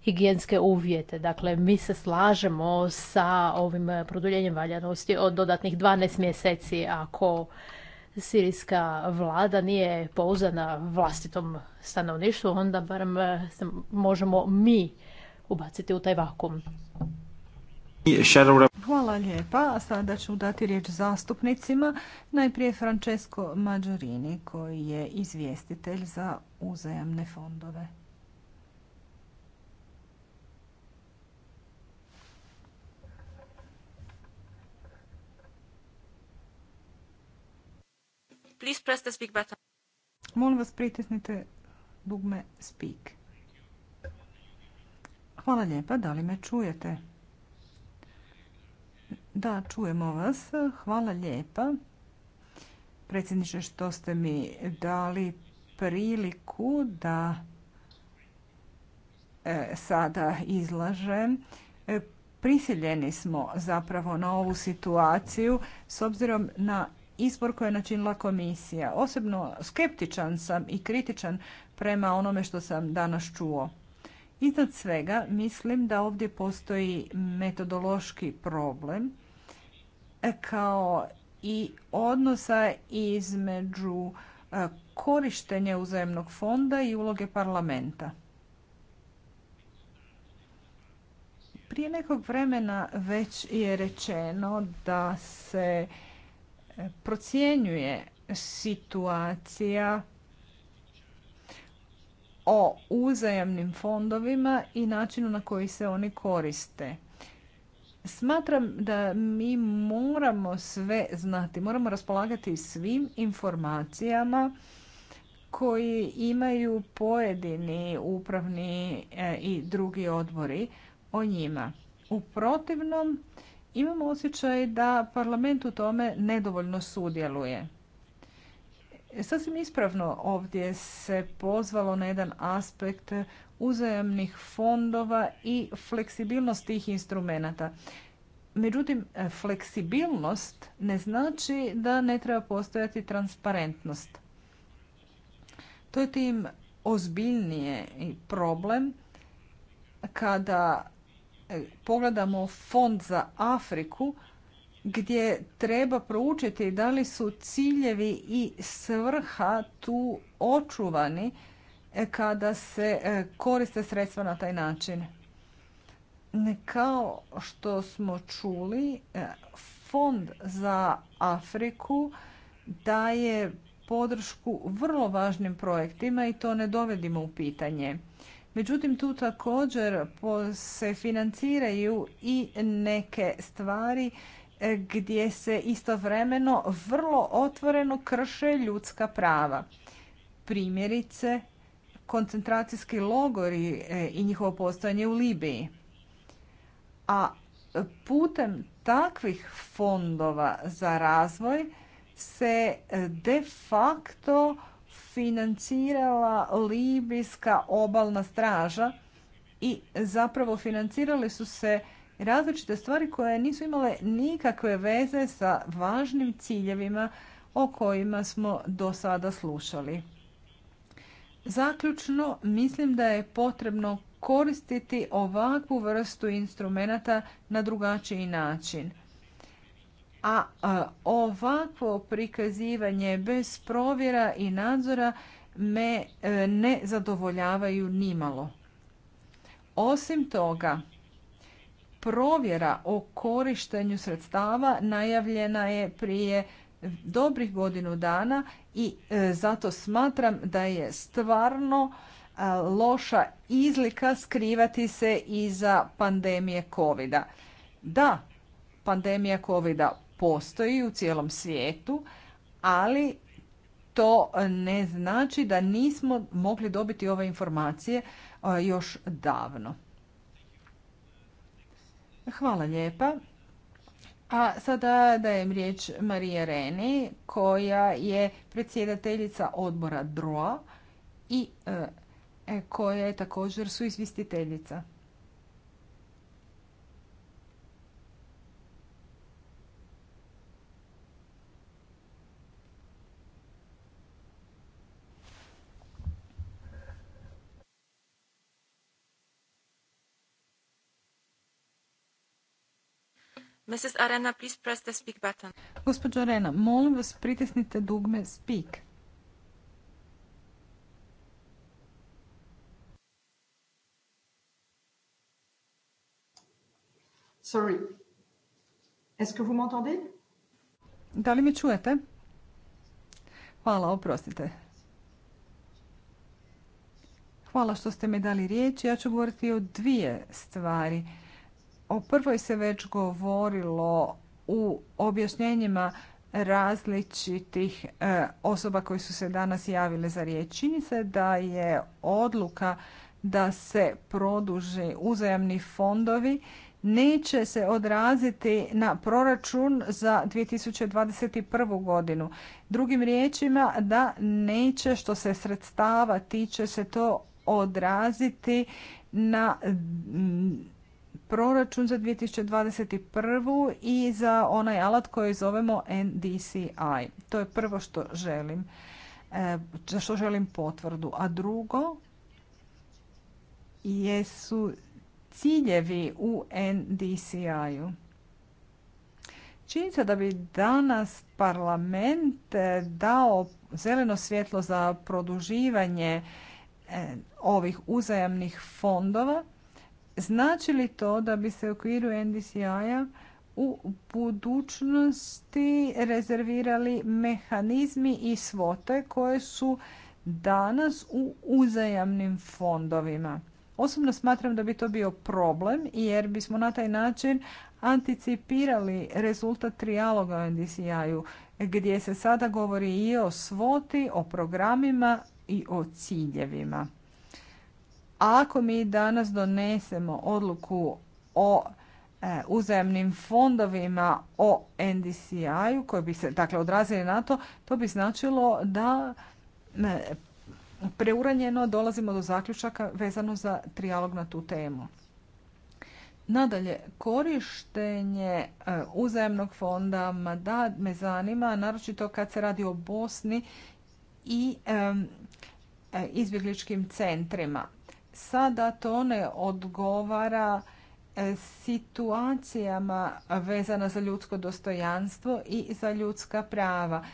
higijenske uvjete. Dakle, mi se slažemo sa ovim e, produljenjem valjanosti od dodatnih 12 mjeseci ako sirijska vlada nije pouzana vlastitom stanovništvu, onda barem e, možemo mi ubaciti u taj vakum. Hvala lijepa. Sada ću dati riječ zastupnicima. Najprije Francesco Mađorini koji je izvjestitelj za uzajamne fondove. Molim vas pritisnite dugme speak. Hvala lijepa, da li me čujete? Da, čujemo vas. Hvala lijepa. Predsjedniče, što ste mi dali priliku da e, sada izlažem. E, prisiljeni smo zapravo na ovu situaciju s obzirom na izbor koji je načinila komisija. Osobno skeptičan sam i kritičan prema onome što sam danas čuo. Iznad svega mislim da ovdje postoji metodološki problem kao i odnosa između e, korištenja uzajemnog fonda i uloge parlamenta. Prije nekog vremena već je rečeno da se e, procjenjuje situacija o uzajemnim fondovima i načinu na koji se oni koriste. Smatram da mi moramo sve znati, moramo raspolagati svim informacijama koji imaju pojedini upravni e, i drugi odbori o njima. U protivnom imamo osjećaj da parlament u tome nedovoljno sudjeluje. E, sasvim ispravno ovdje se pozvalo na jedan aspekt uzajamnih fondova i fleksibilnost tih instrumenata. Međutim, fleksibilnost ne znači da ne treba postojati transparentnost. To je tim ozbiljnije problem kada e, pogledamo fond za Afriku, gdje treba proučiti da li su ciljevi i svrha tu očuvani e, kada se e, koriste sredstva na taj način. Kao što smo čuli, e, Fond za Afriku daje podršku vrlo važnim projektima i to ne dovedimo u pitanje. Međutim, tu također se financiraju i neke stvari gdje se istovremeno vrlo otvoreno krše ljudska prava. Primjerice, koncentracijski logori e, i njihovo postojanje u Libiji. A putem takvih fondova za razvoj se e, de facto financirala libijska obalna straža i zapravo financirali su se različite stvari koje nisu imale nikakve veze sa važnim ciljevima o kojima smo do sada slušali. Zaključno, mislim da je potrebno koristiti ovakvu vrstu instrumenata na drugačiji način. A ovakvo prikazivanje bez provjera i nadzora me e, ne zadovoljavaju nimalo. Osim toga, provjera o korištenju sredstava najavljena je prije dobrih godinu dana i e, zato smatram da je stvarno e, loša izlika skrivati se iza pandemije kovida Da, pandemija covida postoji u cijelom svijetu, ali to ne znači da nismo mogli dobiti ove informacije e, još davno. Hvala lijepa. A sada dajem riječ Marije Reni koja je predsjedateljica odbora DROA i e, e, koja je također suizvjestiteljica. Mrs. speak Gospođo Arena, molim vas pritisnite dugme speak. Sorry. Est-ce que vous m'entendez? Da li me čujete? Hvala, oprostite. Hvala što ste mi dali riječ. Ja ću govoriti o dvije stvari. O prvoj se već govorilo u objašnjenjima različitih e, osoba koji su se danas javile za riječ. Čini se da je odluka da se produži uzajamni fondovi neće se odraziti na proračun za 2021. godinu. Drugim riječima da neće što se sredstava tiče se to odraziti na proračun za 2021. i za onaj alat koji zovemo NDCI. To je prvo što želim, e, za što želim potvrdu. A drugo jesu ciljevi u NDCI-u. Činjenica da bi danas parlament e, dao zeleno svjetlo za produživanje e, ovih uzajamnih fondova Znači li to da bi se u okviru NDCI-a u budućnosti rezervirali mehanizmi i svote koje su danas u uzajamnim fondovima? Osobno smatram da bi to bio problem jer bismo na taj način anticipirali rezultat trijaloga u NDCI-u gdje se sada govori i o svoti, o programima i o ciljevima. Ako mi danas donesemo odluku o e, uzajemnim fondovima o NDCI-u koji bi se dakle odrazili na to, to bi značilo da e, preuranjeno dolazimo do zaključaka vezano za trijalog na tu temu. Nadalje, korištenje e, uzajemnog fonda da me zanima, naročito kad se radi o Bosni i izbjegličkim centrima sada to ne odgovara e, situacijama vezana za ljudsko dostojanstvo i za ljudska prava.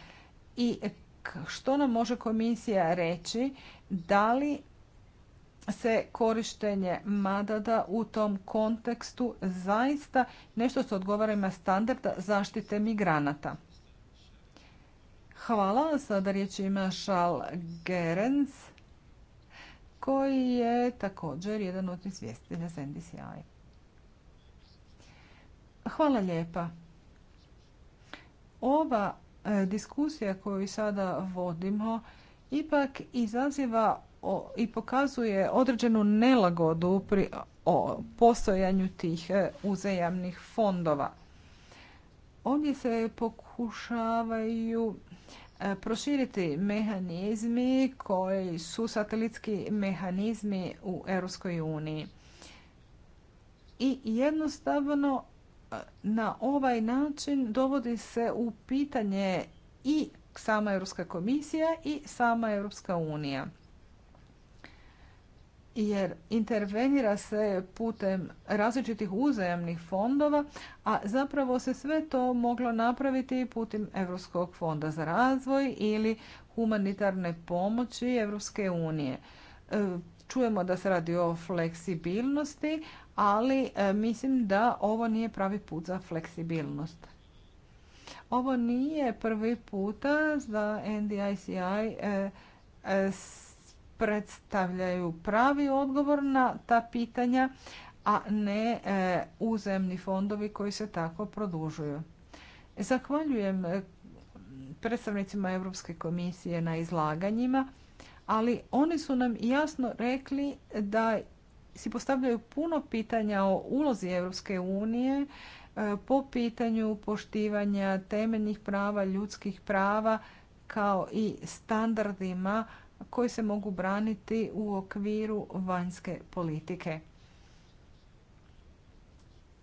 I što nam može komisija reći? Da li se korištenje madada u tom kontekstu zaista nešto se odgovarama standarda zaštite migranata? Hvala. Sada riječ ima Šal Gerens koji je također jedan od izvjestitelja za NDCI. Hvala lijepa. Ova e, diskusija koju sada vodimo ipak izaziva i pokazuje određenu nelagodu pri postojanju tih e, uzajamnih fondova. Ovdje se pokušavaju E, proširiti mehanizmi koji su satelitski mehanizmi u Europskoj uniji. I jednostavno e, na ovaj način dovodi se u pitanje i sama Europska komisija i sama Europska unija jer intervenira se putem različitih uzajamnih fondova, a zapravo se sve to moglo napraviti putem Europskog fonda za razvoj ili humanitarne pomoći Evropske unije. E, čujemo da se radi o fleksibilnosti, ali e, mislim da ovo nije pravi put za fleksibilnost. Ovo nije prvi puta za NDICI predstavljaju pravi odgovor na ta pitanja, a ne e, uzemni fondovi koji se tako produžuju. Zahvaljujem e, predstavnicima Europske komisije na izlaganjima, ali oni su nam jasno rekli da si postavljaju puno pitanja o ulozi Europske unije e, po pitanju poštivanja temeljnih prava, ljudskih prava kao i standardima koji se mogu braniti u okviru vanjske politike.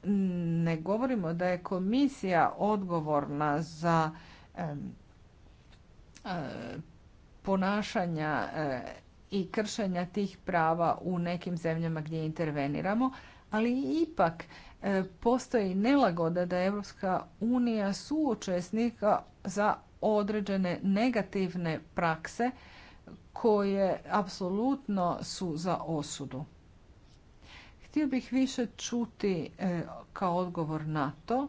Ne govorimo da je komisija odgovorna za e, ponašanja e, i kršenja tih prava u nekim zemljama gdje interveniramo, ali ipak e, postoji nelagoda da je Europska unija suočesnika za određene negativne prakse koje apsolutno su za osudu. Htio bih više čuti e, kao odgovor na to,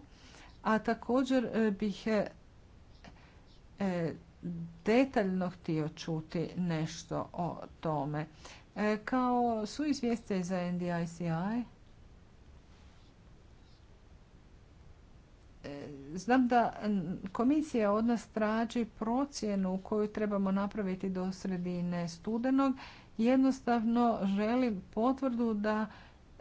a također e, bih e, detaljno htio čuti nešto o tome. Kao su izvijeste za NDICI, Znam da komisija od nas traži procjenu koju trebamo napraviti do sredine studenog. Jednostavno želim potvrdu da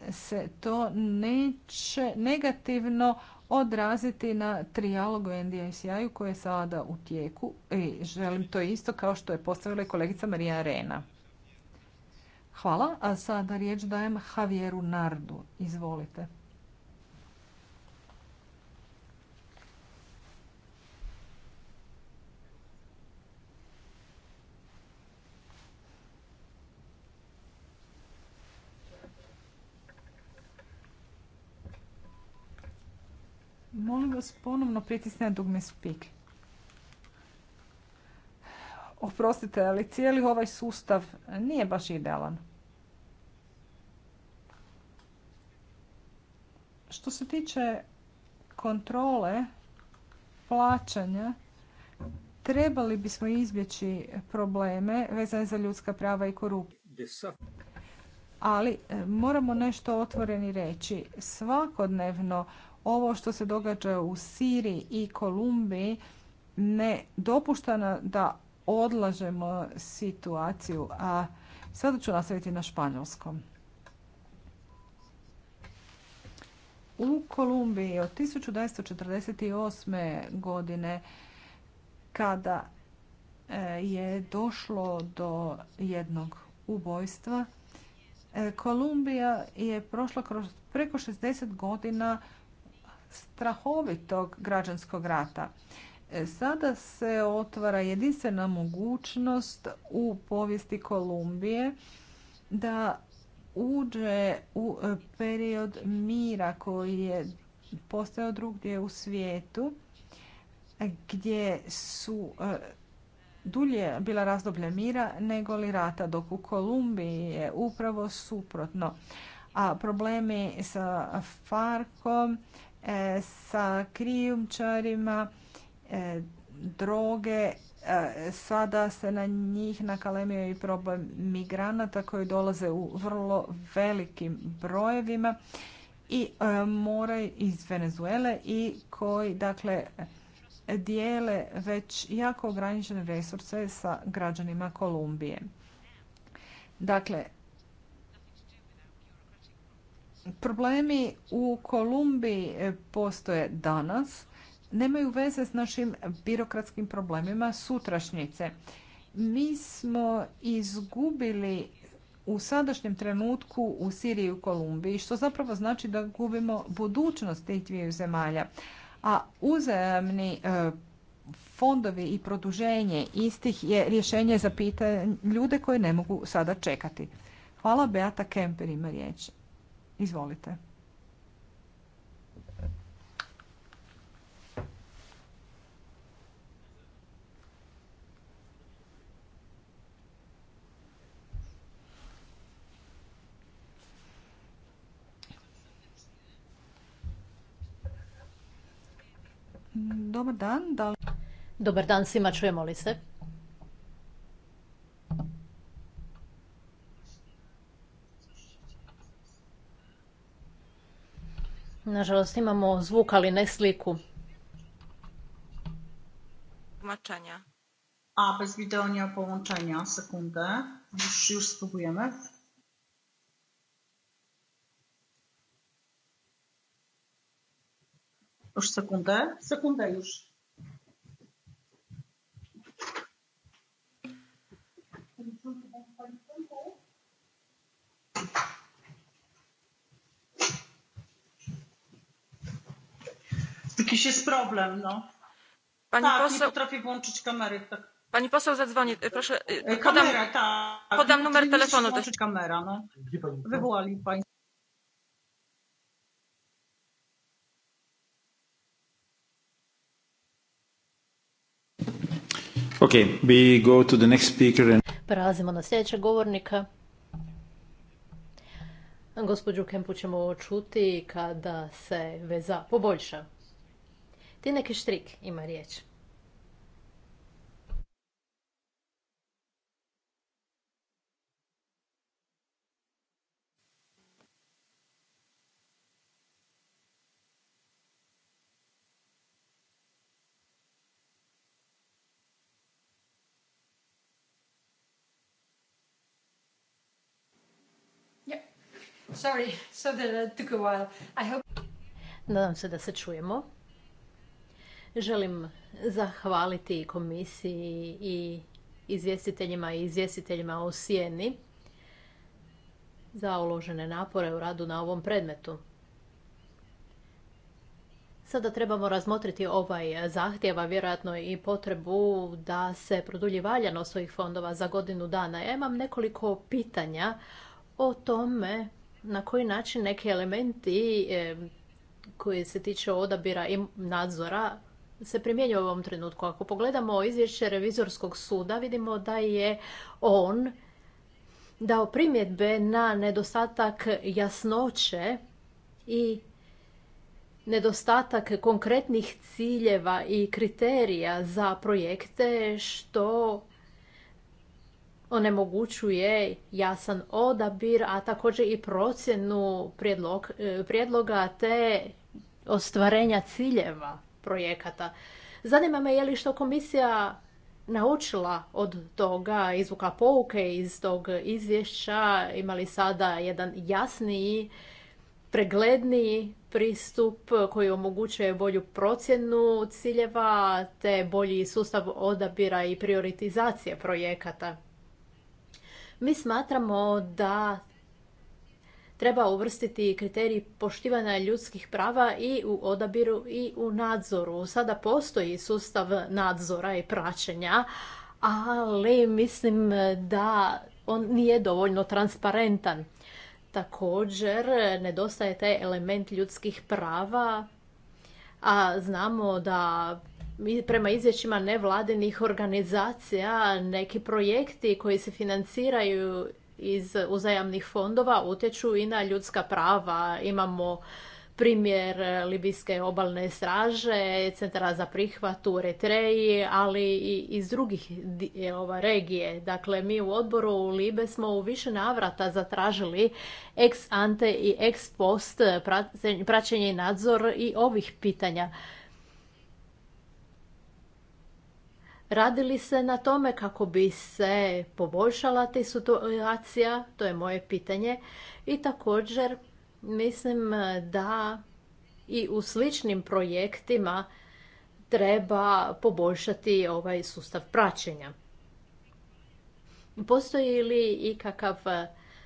se to neće negativno odraziti na trijalogu NDICI-u koji je sada u tijeku. I želim to isto kao što je postavila i kolegica Marija Arena. Hvala, a sada riječ dajem Javieru Nardu. Izvolite. molim vas ponovno pritisne dugme speak. Oprostite, ali cijeli ovaj sustav nije baš idealan. Što se tiče kontrole plaćanja, trebali bismo izbjeći probleme vezane za ljudska prava i korupciju. Ali e, moramo nešto otvoreni reći. Svakodnevno ovo što se događa u Siriji i Kolumbiji ne dopušta da odlažemo situaciju, a sada ću nastaviti na španjolskom. U Kolumbiji od 1948. godine kada e, je došlo do jednog ubojstva, e, Kolumbija je prošla kroz preko 60 godina strahovitog građanskog rata. E, sada se otvara jedinstvena mogućnost u povijesti Kolumbije da uđe u e, period mira koji je postao drugdje u svijetu e, gdje su dulje bila razdoblja mira nego li rata, dok u Kolumbiji je upravo suprotno. A problemi sa Farkom E, sa krijumčarima e, droge e, sada se na njih nakalemio i problem migranata koji dolaze u vrlo velikim brojevima i moraju iz Venezuele i koji dakle dijele već jako ograničene resurse sa građanima Kolumbije. Dakle, problemi u Kolumbiji e, postoje danas, nemaju veze s našim birokratskim problemima sutrašnjice. Mi smo izgubili u sadašnjem trenutku u Siriji i u Kolumbiji, što zapravo znači da gubimo budućnost tih dviju zemalja. A uzajamni e, fondovi i produženje istih je rješenje za pitanje ljude koji ne mogu sada čekati. Hvala, Beata Kemper ima riječ. Izvolite. Dobar dan. Dobar dan svima, čujemo li se? Nažalost, imamo zvuk, ali ne sliku. A, bez videonja nie połączenia. Sekundę. Już, już spróbujemy. Już sekundę. Sekundę już. Jakiś jest problem, no. Pani tak, poseł... nie potrafię włączyć kamery. Tak. Pani poseł zadzwoni, e, proszę, e, e, podam, Kamera, tak. podam numer telefonu. Włączyć kamera, no. Wywołali Państwo. Okay, we go to the next speaker and... Prelazimo na sljedećeg govornika. Gospodju Kempu ćemo čuti kada se veza poboljša. Ti neki štrik ima riječ. Sorry, so that took a while. I hope... Nadam se da se čujemo. Želim zahvaliti komisiji i izvjestiteljima i izvjestiteljima o sjeni za uložene napore u radu na ovom predmetu. Sada trebamo razmotriti ovaj zahtjev, a vjerojatno i potrebu da se produlji valjanost ovih fondova za godinu dana. Ja imam nekoliko pitanja o tome na koji način neki elementi koji se tiče odabira i nadzora se primjenjuje u ovom trenutku. Ako pogledamo izvješće revizorskog suda, vidimo da je on dao primjedbe na nedostatak jasnoće i nedostatak konkretnih ciljeva i kriterija za projekte što onemogućuje jasan odabir, a također i procjenu prijedloga te ostvarenja ciljeva projekata. Zanima me je li što komisija naučila od toga, izvuka pouke iz tog izvješća, imali sada jedan jasniji, pregledniji pristup koji omogućuje bolju procjenu ciljeva te bolji sustav odabira i prioritizacije projekata. Mi smatramo da treba uvrstiti kriterij poštivanja ljudskih prava i u odabiru i u nadzoru. Sada postoji sustav nadzora i praćenja, ali mislim da on nije dovoljno transparentan. Također, nedostaje taj element ljudskih prava, a znamo da prema izvješćima nevladinih organizacija neki projekti koji se financiraju iz uzajamnih fondova utječu i na ljudska prava. Imamo primjer Libijske obalne straže, centra za prihvat u Retreji, ali i iz drugih ova regije. Dakle, mi u odboru u Libe smo u više navrata zatražili ex ante i ex post praćenje i nadzor i ovih pitanja. Radili se na tome kako bi se poboljšala ta situacija, to je moje pitanje. I također mislim da i u sličnim projektima treba poboljšati ovaj sustav praćenja. Postoji li ikakav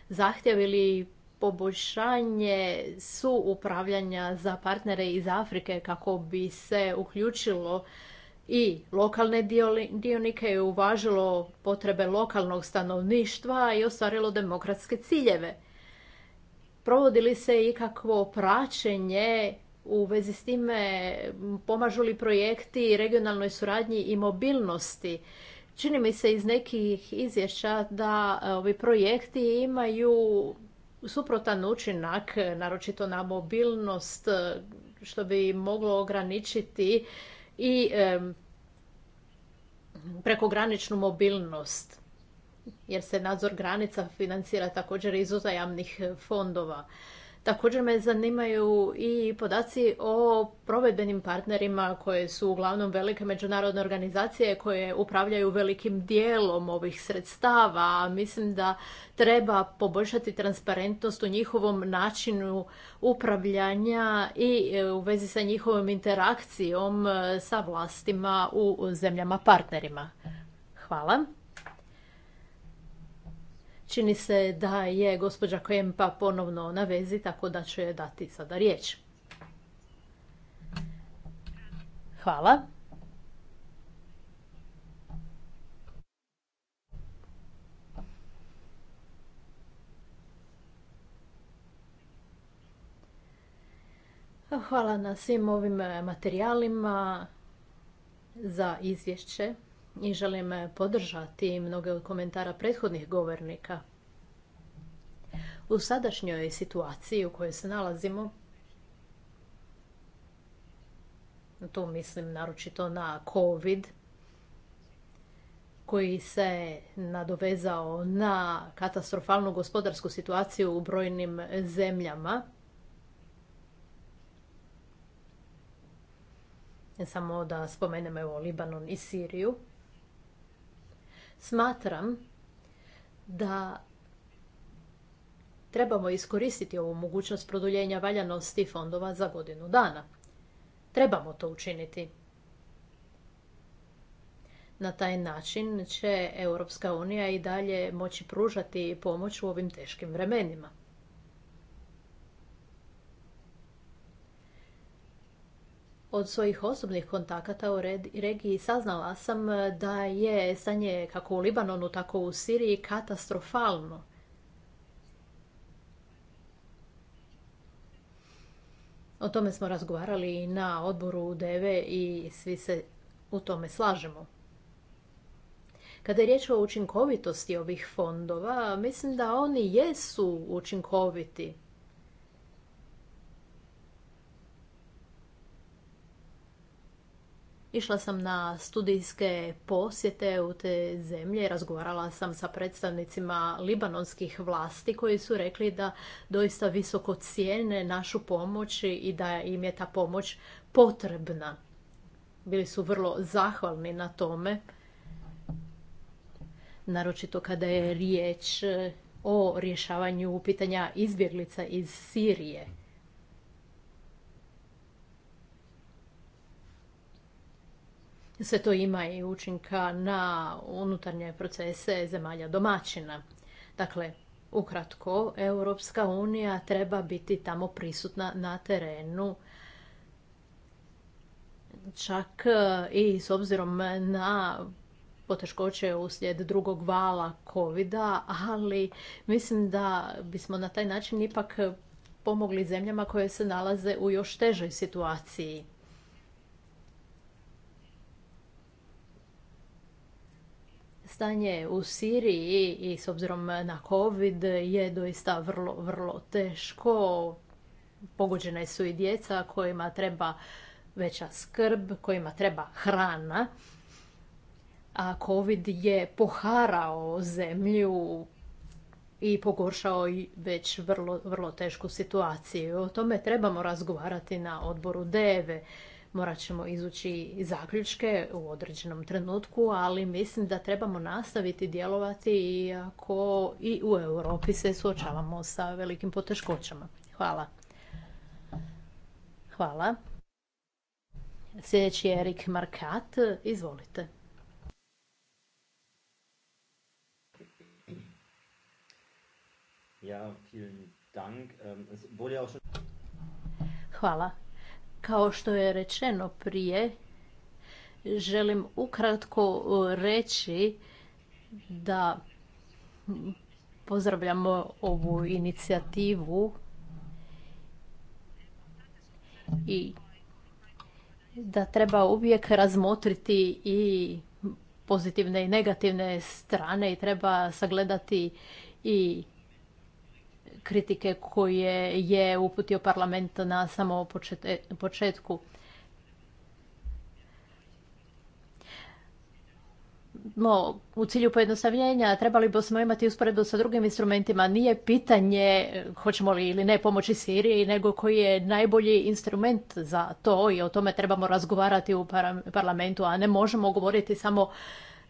zahtjev ili poboljšanje su upravljanja za partnere iz Afrike kako bi se uključilo i lokalne dionike je uvažilo potrebe lokalnog stanovništva i ostvarilo demokratske ciljeve. Provodili se ikakvo praćenje u vezi s time pomažu li projekti regionalnoj suradnji i mobilnosti. Čini mi se iz nekih izvješća da e, ovi projekti imaju suprotan učinak, naročito na mobilnost, e, što bi moglo ograničiti i prekograničnu mobilnost jer se nadzor granica financira također iz uzajamnih fondova. Također me zanimaju i podaci o provedbenim partnerima koje su uglavnom velike međunarodne organizacije koje upravljaju velikim dijelom ovih sredstava. Mislim da treba poboljšati transparentnost u njihovom načinu upravljanja i e, u vezi sa njihovom interakcijom e, sa vlastima u zemljama partnerima. Hvala. Čini se da je gospođa Kempa ponovno na vezi, tako da ću je dati sada riječ. Hvala. Hvala na svim ovim materijalima za izvješće i želim eh, podržati mnoge od komentara prethodnih govornika. U sadašnjoj situaciji u kojoj se nalazimo, tu mislim naročito na COVID, koji se nadovezao na katastrofalnu gospodarsku situaciju u brojnim zemljama. Samo da spomenem evo Libanon i Siriju. Smatram da trebamo iskoristiti ovu mogućnost produljenja valjanosti fondova za godinu dana. Trebamo to učiniti. Na taj način će Europska unija i dalje moći pružati pomoć u ovim teškim vremenima. od svojih osobnih kontakata u regiji saznala sam e, da je stanje kako u Libanonu, tako u Siriji katastrofalno. O tome smo razgovarali na odboru DV i svi se u tome slažemo. Kada je riječ o učinkovitosti ovih fondova, mislim da oni jesu učinkoviti. Išla sam na studijske posjete u te zemlje, razgovarala sam sa predstavnicima libanonskih vlasti koji su rekli da doista visoko cijene našu pomoć i da im je ta pomoć potrebna. Bili su vrlo zahvalni na tome, naročito kada je riječ o rješavanju pitanja izbjeglica iz Sirije. Sve to ima i učinka na unutarnje procese zemalja domaćina. Dakle, ukratko, Europska unija treba biti tamo prisutna na terenu čak e, i s obzirom na poteškoće uslijed drugog vala covid ali mislim da bismo na taj način ipak pomogli zemljama koje se nalaze u još težoj situaciji. Stanje u Siriji i s obzirom na COVID je doista vrlo, vrlo teško. Pogođene su i djeca kojima treba veća skrb, kojima treba hrana. A COVID je poharao zemlju i pogoršao i već vrlo, vrlo tešku situaciju. O tome trebamo razgovarati na odboru DEVE. Morat ćemo izući zaključke u određenom trenutku, ali mislim da trebamo nastaviti djelovati iako i u Europi se suočavamo sa velikim poteškoćama. Hvala. Hvala. Sljedeći je Erik Markat. Izvolite. Ähm, Hvala. Kao što je rečeno prije, želim ukratko e, reći da pozdravljamo ovu inicijativu i da treba uvijek razmotriti i pozitivne i negativne strane i treba sagledati i kritike koje je uputio parlament na samo početku. No, u cilju pojednostavljenja trebali bismo imati usporedbu sa drugim instrumentima. Nije pitanje hoćemo li ili ne pomoći Siriji, nego koji je najbolji instrument za to i o tome trebamo razgovarati u parlamentu, a ne možemo govoriti samo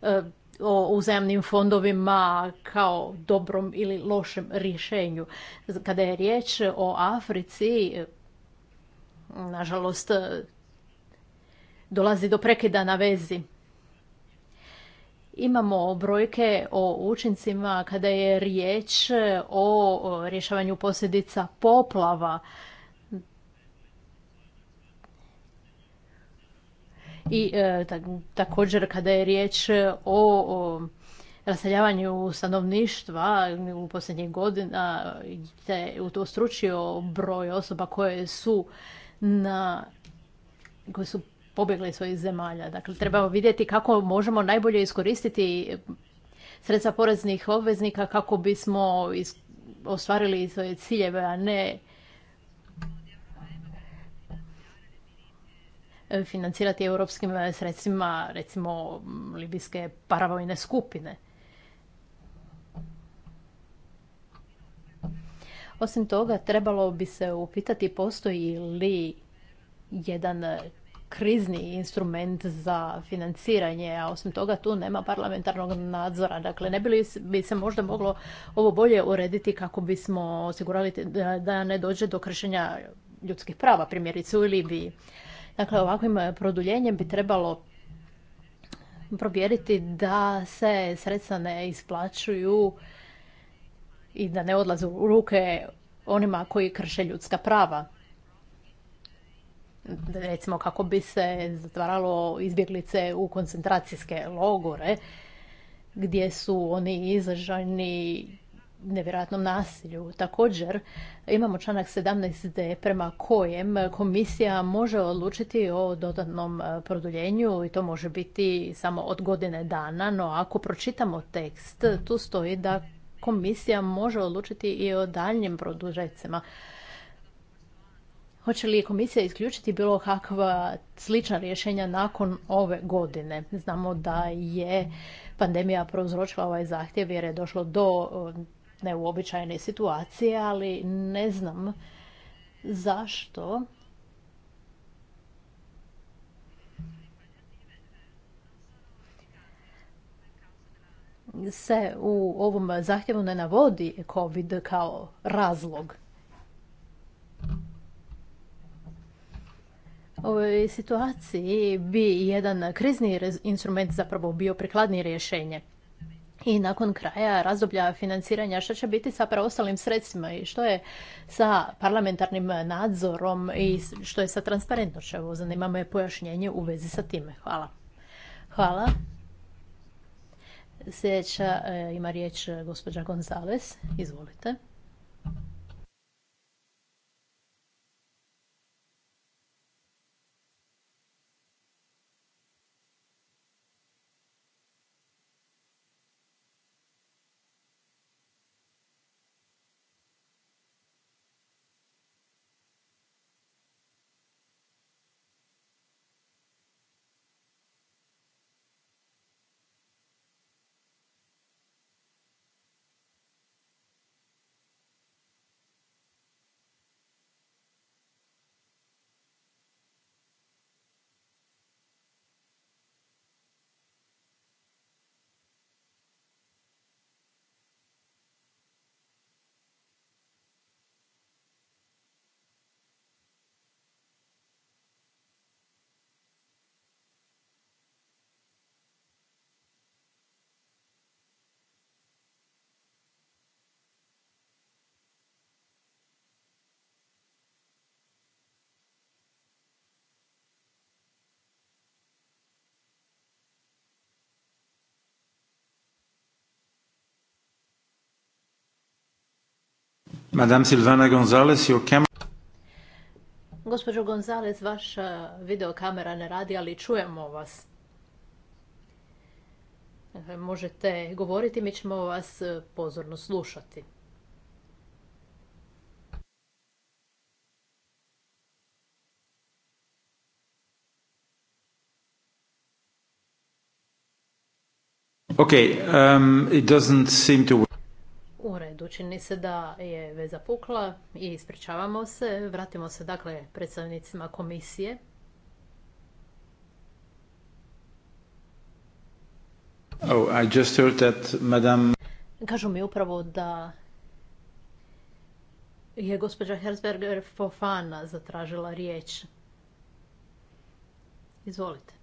eh, o uzajamnim fondovima kao dobrom ili lošem rješenju. Kada je riječ o Africi, nažalost, dolazi do prekida na vezi. Imamo brojke o učincima kada je riječ o rješavanju posljedica poplava. I e, također kada je riječ e, o, o raseljavanju stanovništva u posljednjih godina to stručio broj osoba koje su na koje su pobjegle iz svojih zemalja. Dakle, trebamo vidjeti kako možemo najbolje iskoristiti sredstva poreznih obveznika kako bismo ostvarili svoje ciljeve, a ne financirati europskim eh, sredstvima, recimo, mm, libijske paravojne skupine. Osim toga, trebalo bi se upitati postoji li jedan krizni instrument za financiranje, a osim toga tu nema parlamentarnog nadzora. Dakle, ne bi li bi se možda moglo ovo bolje urediti kako bismo osigurali da ne dođe do kršenja ljudskih prava, primjerice u Libiji. Dakle, ovakvim e, produljenjem bi trebalo provjeriti da se sredstva ne isplaćuju i da ne odlaze u ruke onima koji krše ljudska prava. Recimo kako bi se zatvaralo izbjeglice u koncentracijske logore gdje su oni izraženi nevjerojatnom nasilju. Također imamo članak 17d prema kojem komisija može odlučiti o dodatnom e, produljenju i to može biti samo od godine dana, no ako pročitamo tekst tu stoji da komisija može odlučiti i o daljnjim produžecima. Hoće li komisija isključiti bilo kakva slična rješenja nakon ove godine? Znamo da je pandemija prouzročila ovaj zahtjev jer je došlo do neuobičajene situacije, ali ne znam zašto se u ovom zahtjevu ne navodi COVID kao razlog. ovoj situaciji bi jedan krizni instrument zapravo bio prikladnije rješenje i nakon kraja razdoblja financiranja što će biti sa preostalim sredstvima i što je sa parlamentarnim nadzorom i što je sa transparentnošću. Evo, zanima me pojašnjenje u vezi sa time. Hvala. Hvala. Sljedeća e, ima riječ gospođa Gonzales. Izvolite. Madame Silvana Gonzalez, your camera... Gospođo Gonzalez, vaša videokamera ne radi, ali čujemo vas. Dakle, možete govoriti, mi ćemo vas e, pozorno slušati. Okay, um, it doesn't seem to u redu, čini se da je veza pukla i ispričavamo se. Vratimo se dakle predstavnicima komisije. Oh, Kažu mi upravo da je gospođa Herzberger Fofana zatražila riječ. Izvolite.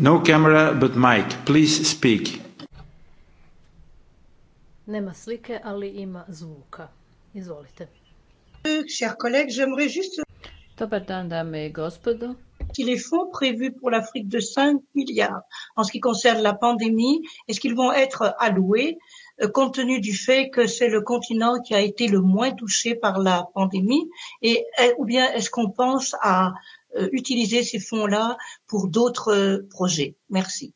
No camera but mic. Please speak. Nema slike, ali ima zvuka. Izvolite. Chers collègues, j'aimerais juste Dobar dan, dame i gospodo. est fonds prévus pour l'Afrique de 5 milliards en ce qui concerne la pandémie, est-ce qu'ils vont être alloués euh, compte tenu du fait que c'est le continent qui a été le moins touché par la pandémie et euh, ou bien est-ce qu'on pense à Euh, utiliser ces fonds-là pour d'autres euh, projets. Merci.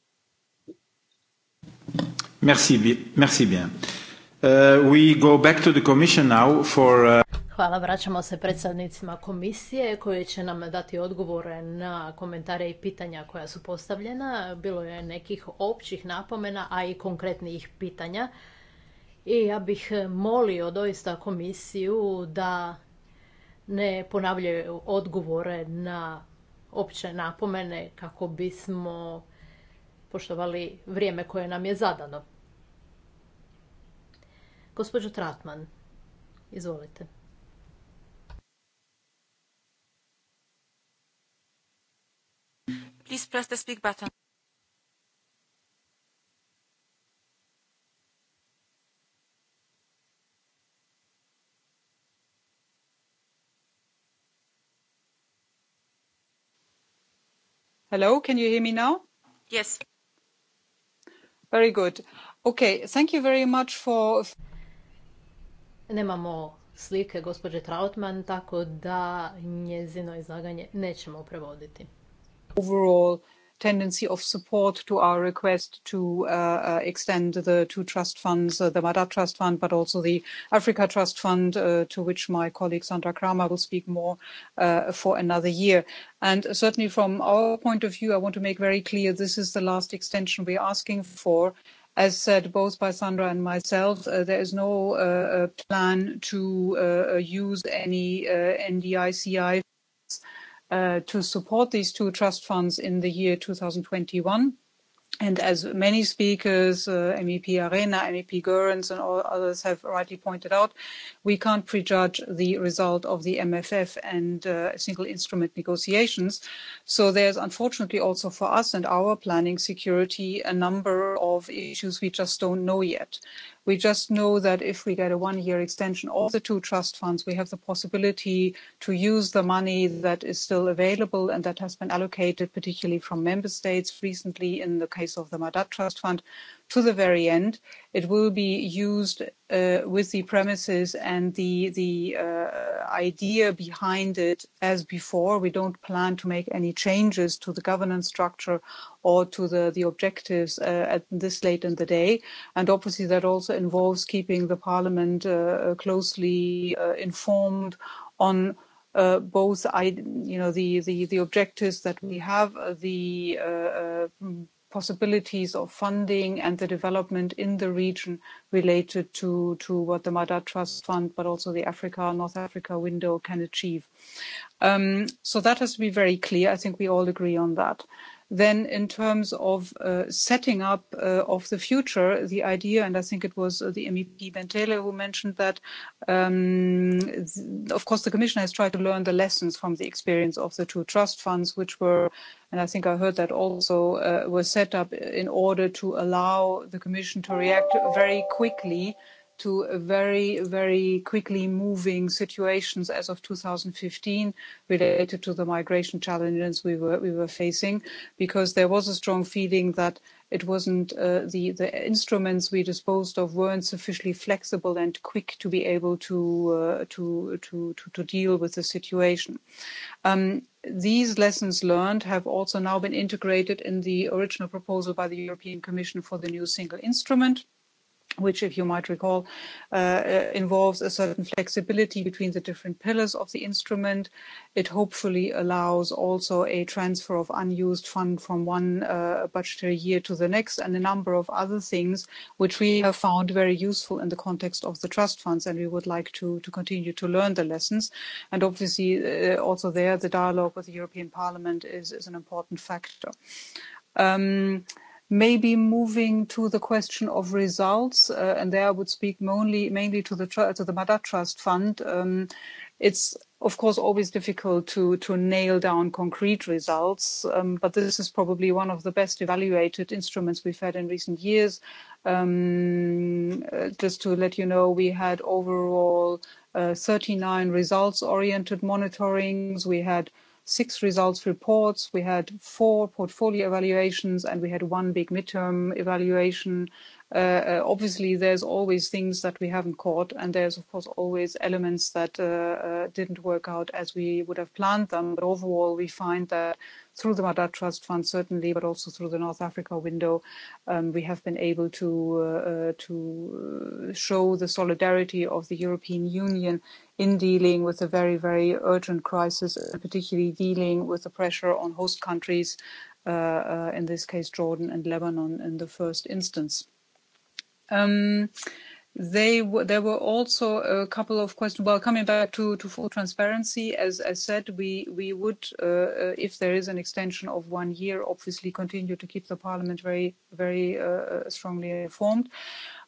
Merci, merci bien. Euh, we go back to the commission now for, uh... Hvala, vraćamo se predstavnicima komisije koji će nam dati odgovore na komentare i pitanja koja su postavljena. Bilo je nekih općih napomena, a i konkretnih pitanja. I ja bih molio doista komisiju da ne ponavljaju odgovore na opće napomene kako bismo poštovali vrijeme koje nam je zadano. Gospođo Tratman, izvolite. Please press the speak button. Hello, can you hear me now? Yes. Very good. Okay, thank you very much for... Nemamo slike gospođe Trautman, tako da njezino izlaganje nećemo prevoditi. Overall tendency of support to our request to uh, uh extend the two trust funds, uh, the Mada Trust Fund, but also the Africa Trust Fund, uh, to which my colleague Sandra Kramer will speak more uh, for another year. And certainly from our point of view, I want to make very clear this is the last extension we're asking for as said both by Sandra and myself, uh, there is no uh, uh plan to uh, uh use any NDICI Uh, to support these two trust funds in the year 2021. And as many speakers, uh, MEP Arena, MEP Goerens, and all others have rightly pointed out, we can't prejudge the result of the MFF and uh, single instrument negotiations. So there's unfortunately also for us and our planning security a number of issues we just don't know yet. We just know that if we get a one-year extension of the two trust funds, we have the possibility to use the money that is still available and that has been allocated, particularly from member states recently in the case of the Madat Trust Fund, to the very end. It will be used uh, with the premises and the the uh, idea behind it as before. We don't plan to make any changes to the governance structure or to the the objectives uh, at this late in the day. And obviously, that also involves keeping the Parliament uh, closely uh, informed on uh, both, you know, the, the, the objectives that we have, the uh, uh possibilities of funding and the development in the region related to, to what the Mada Trust Fund, but also the Africa, North Africa window can achieve. Um, so that has to be very clear. I think we all agree on that then in terms of uh, setting up uh, of the future, the idea, and I think it was uh, the MEP Bentele who mentioned that, um, th of course, the Commission has tried to learn the lessons from the experience of the two trust funds, which were, and I think I heard that also, uh, were set up in order to allow the Commission to react very quickly to very, very quickly moving situations as of 2015 related to the migration challenges we were, we were facing, because there was a strong feeling that it wasn't uh, the the instruments we disposed of weren't sufficiently flexible and quick to be able to uh, to, to to to deal with the situation um these lessons learned have also now been integrated in the original proposal by the European Commission for the new single instrument which, if you might recall, uh, uh, involves a certain flexibility between the different pillars of the instrument. It hopefully allows also a transfer of unused fund from one uh, budgetary year to the next and a number of other things which we have found very useful in the context of the trust funds and we would like to, to continue to learn the lessons. And obviously uh, also there the dialogue with the European Parliament is, is an important factor. Um, Maybe moving to the question of results, uh, and there I would speak mainly mainly to the to the Madat Trust Fund. Um, it's of course always difficult to to nail down concrete results, um, but this is probably one of the best evaluated instruments we've had in recent years. Um, uh, just to let you know, we had overall 39 uh, results-oriented monitorings. We had six results reports we had four portfolio evaluations and we had one big midterm evaluation. Uh, uh, obviously there's always things that we haven't caught and there's of course always elements that uh, uh, didn't work out as we would have planned them but overall we find that through the Madad Trust Fund certainly, but also through the North Africa window, um, we have been able to uh, uh to uh, show the solidarity of the European Union in dealing with a very very urgent crisis, particularly dealing with the pressure on host countries, uh, uh, in this case Jordan and Lebanon in the first instance. Um, they there were also a couple of questions. Well, coming back to, to full transparency, as I said, we we would, uh, uh, if there is an extension of one year, obviously continue to keep the parliament very very uh, uh strongly informed.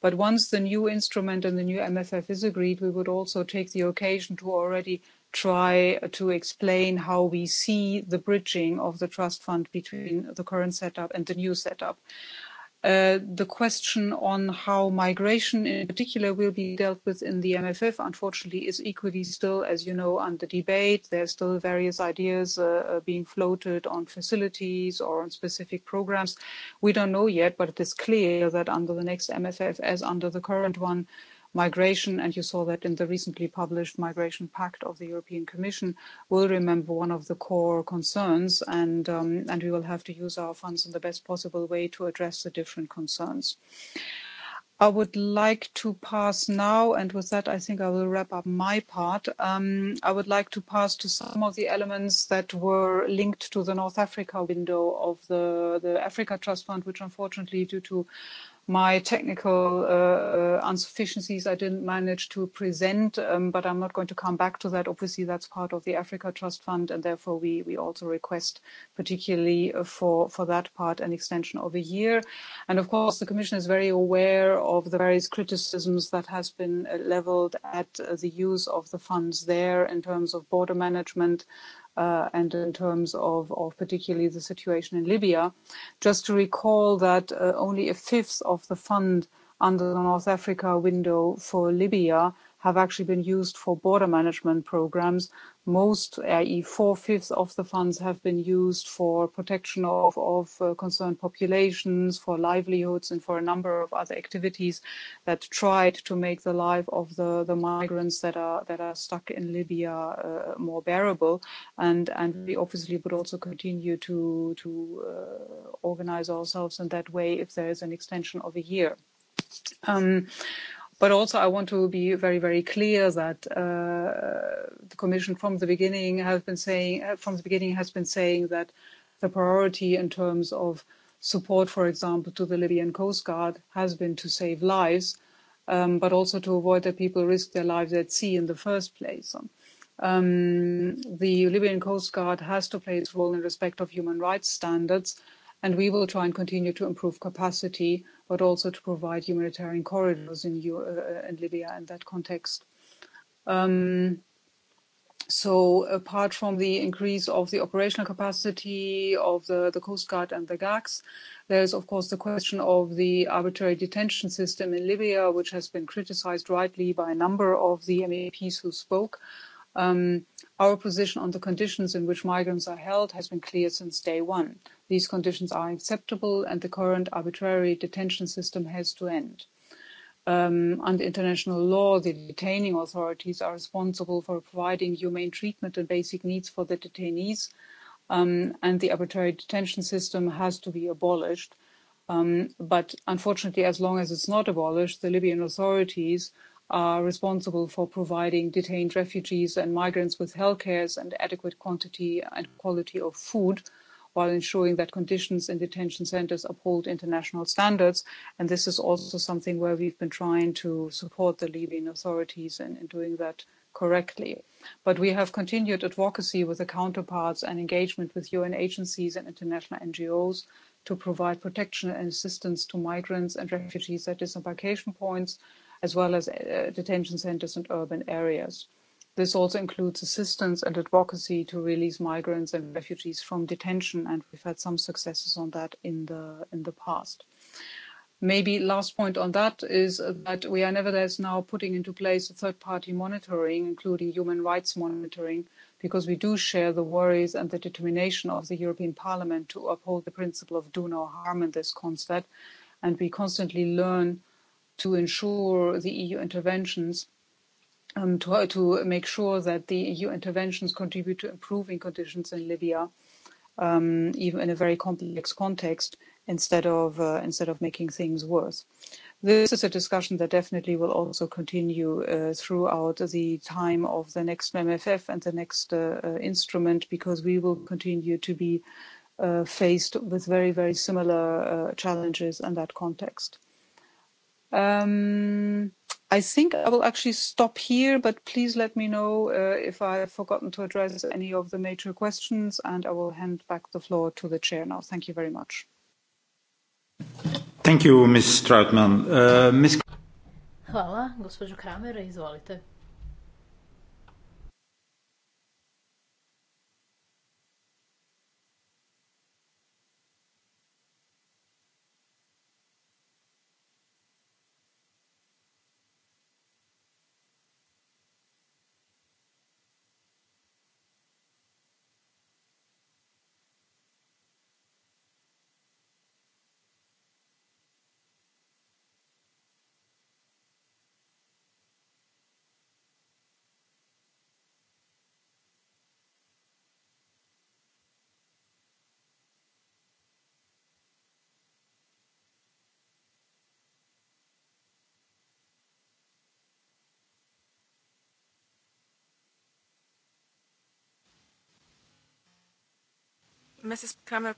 But once the new instrument and the new MFF is agreed, we would also take the occasion to already try to explain how we see the bridging of the trust fund between the current setup and the new setup. Uh, the question on how migration in particular will be dealt with in the MFF, unfortunately, is equally still, as you know, under debate. There are still various ideas uh, uh, being floated on facilities or on specific programs. We don't know yet, but it is clear that under the next MFF, as under the current one, migration, and you saw that in the recently published Migration Pact of the European Commission, will remember one of the core concerns, and, um, and we will have to use our funds in the best possible way to address the different concerns. I would like to pass now, and with that, I think I will wrap up my part. Um, I would like to pass to some of the elements that were linked to the North Africa window of the, the Africa Trust Fund, which unfortunately, due to my technical uh, uh, insufficiencies I didn't manage to present, um, but I'm not going to come back to that. Obviously, that's part of the Africa Trust Fund, and therefore we, we also request, particularly uh, for, for that part, an extension of a year. And of course, the Commission is very aware of the various criticisms that has been leveled at the use of the funds there in terms of border management, uh, and in terms of, of particularly the situation in Libya. Just to recall that uh, only a fifth of the fund under the North Africa window for Libya have actually been used for border management programs. Most, i.e., four-fifths of the funds have been used for protection of, of uh, concerned populations, for livelihoods, and for a number of other activities that tried to make the life of the, the migrants that are that are stuck in Libya uh, more bearable. And and we obviously would also continue to to uh, organize ourselves in that way if there is an extension of a year. Um, But also I want to be very, very clear that uh, the Commission from the beginning has been saying, uh, from the beginning has been saying that the priority in terms of support, for example, to the Libyan Coast Guard has been to save lives, um, but also to avoid that people risk their lives at sea in the first place. Um, the Libyan Coast Guard has to play its role in respect of human rights standards and we will try and continue to improve capacity, but also to provide humanitarian corridors in, uh, uh, in Libya in that context. Um, so apart from the increase of the operational capacity of the, the Coast Guard and the GACs, there's of course the question of the arbitrary detention system in Libya, which has been criticized rightly by a number of the MEPs who spoke. Um, our position on the conditions in which migrants are held has been clear since day one. These conditions are acceptable and the current arbitrary detention system has to end. Um, under international law, the detaining authorities are responsible for providing humane treatment and basic needs for the detainees, um, and the arbitrary detention system has to be abolished. Um, but unfortunately, as long as it's not abolished, the Libyan authorities are responsible for providing detained refugees and migrants with health cares and adequate quantity and quality of food while ensuring that conditions in detention centers uphold international standards. And this is also something where we've been trying to support the Libyan authorities in, in doing that correctly. But we have continued advocacy with the counterparts and engagement with UN agencies and international NGOs to provide protection and assistance to migrants and refugees at disembarkation points, as well as uh, detention centers and urban areas. This also includes assistance and advocacy to release migrants and refugees from detention, and we've had some successes on that in the in the past. Maybe last point on that is that we are nevertheless now putting into place a third-party monitoring, including human rights monitoring, because we do share the worries and the determination of the European Parliament to uphold the principle of do no harm in this concept. And we constantly learn to ensure the EU interventions – Um, to, to make sure that the EU interventions contribute to improving conditions in Libya, um, even in a very complex context, instead of uh, instead of making things worse. This is a discussion that definitely will also continue uh, throughout the time of the next MFF and the next uh, uh, instrument, because we will continue to be uh, faced with very very similar uh, challenges in that context. Um, i think I will actually stop here, but please let me know uh, if I have forgotten to address any of the major questions, and I will hand back the floor to the chair now. Thank you very much. Thank you, Ms. Stroutman. Uh, Ms. Hvala, gospođo Kramer, izvolite. Mrs. Kramer,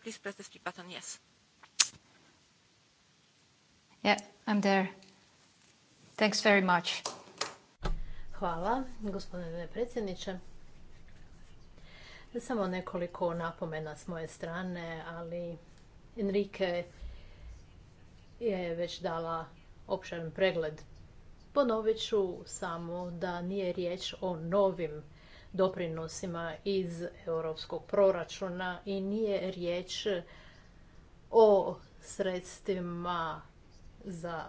Hvala, gospodine predsjedniče. Samo nekoliko napomena s moje strane, ali Enrique je već dala opšten pregled. Ponovit ću samo da nije riječ o novim doprinosima iz europskog proračuna i nije riječ o sredstvima za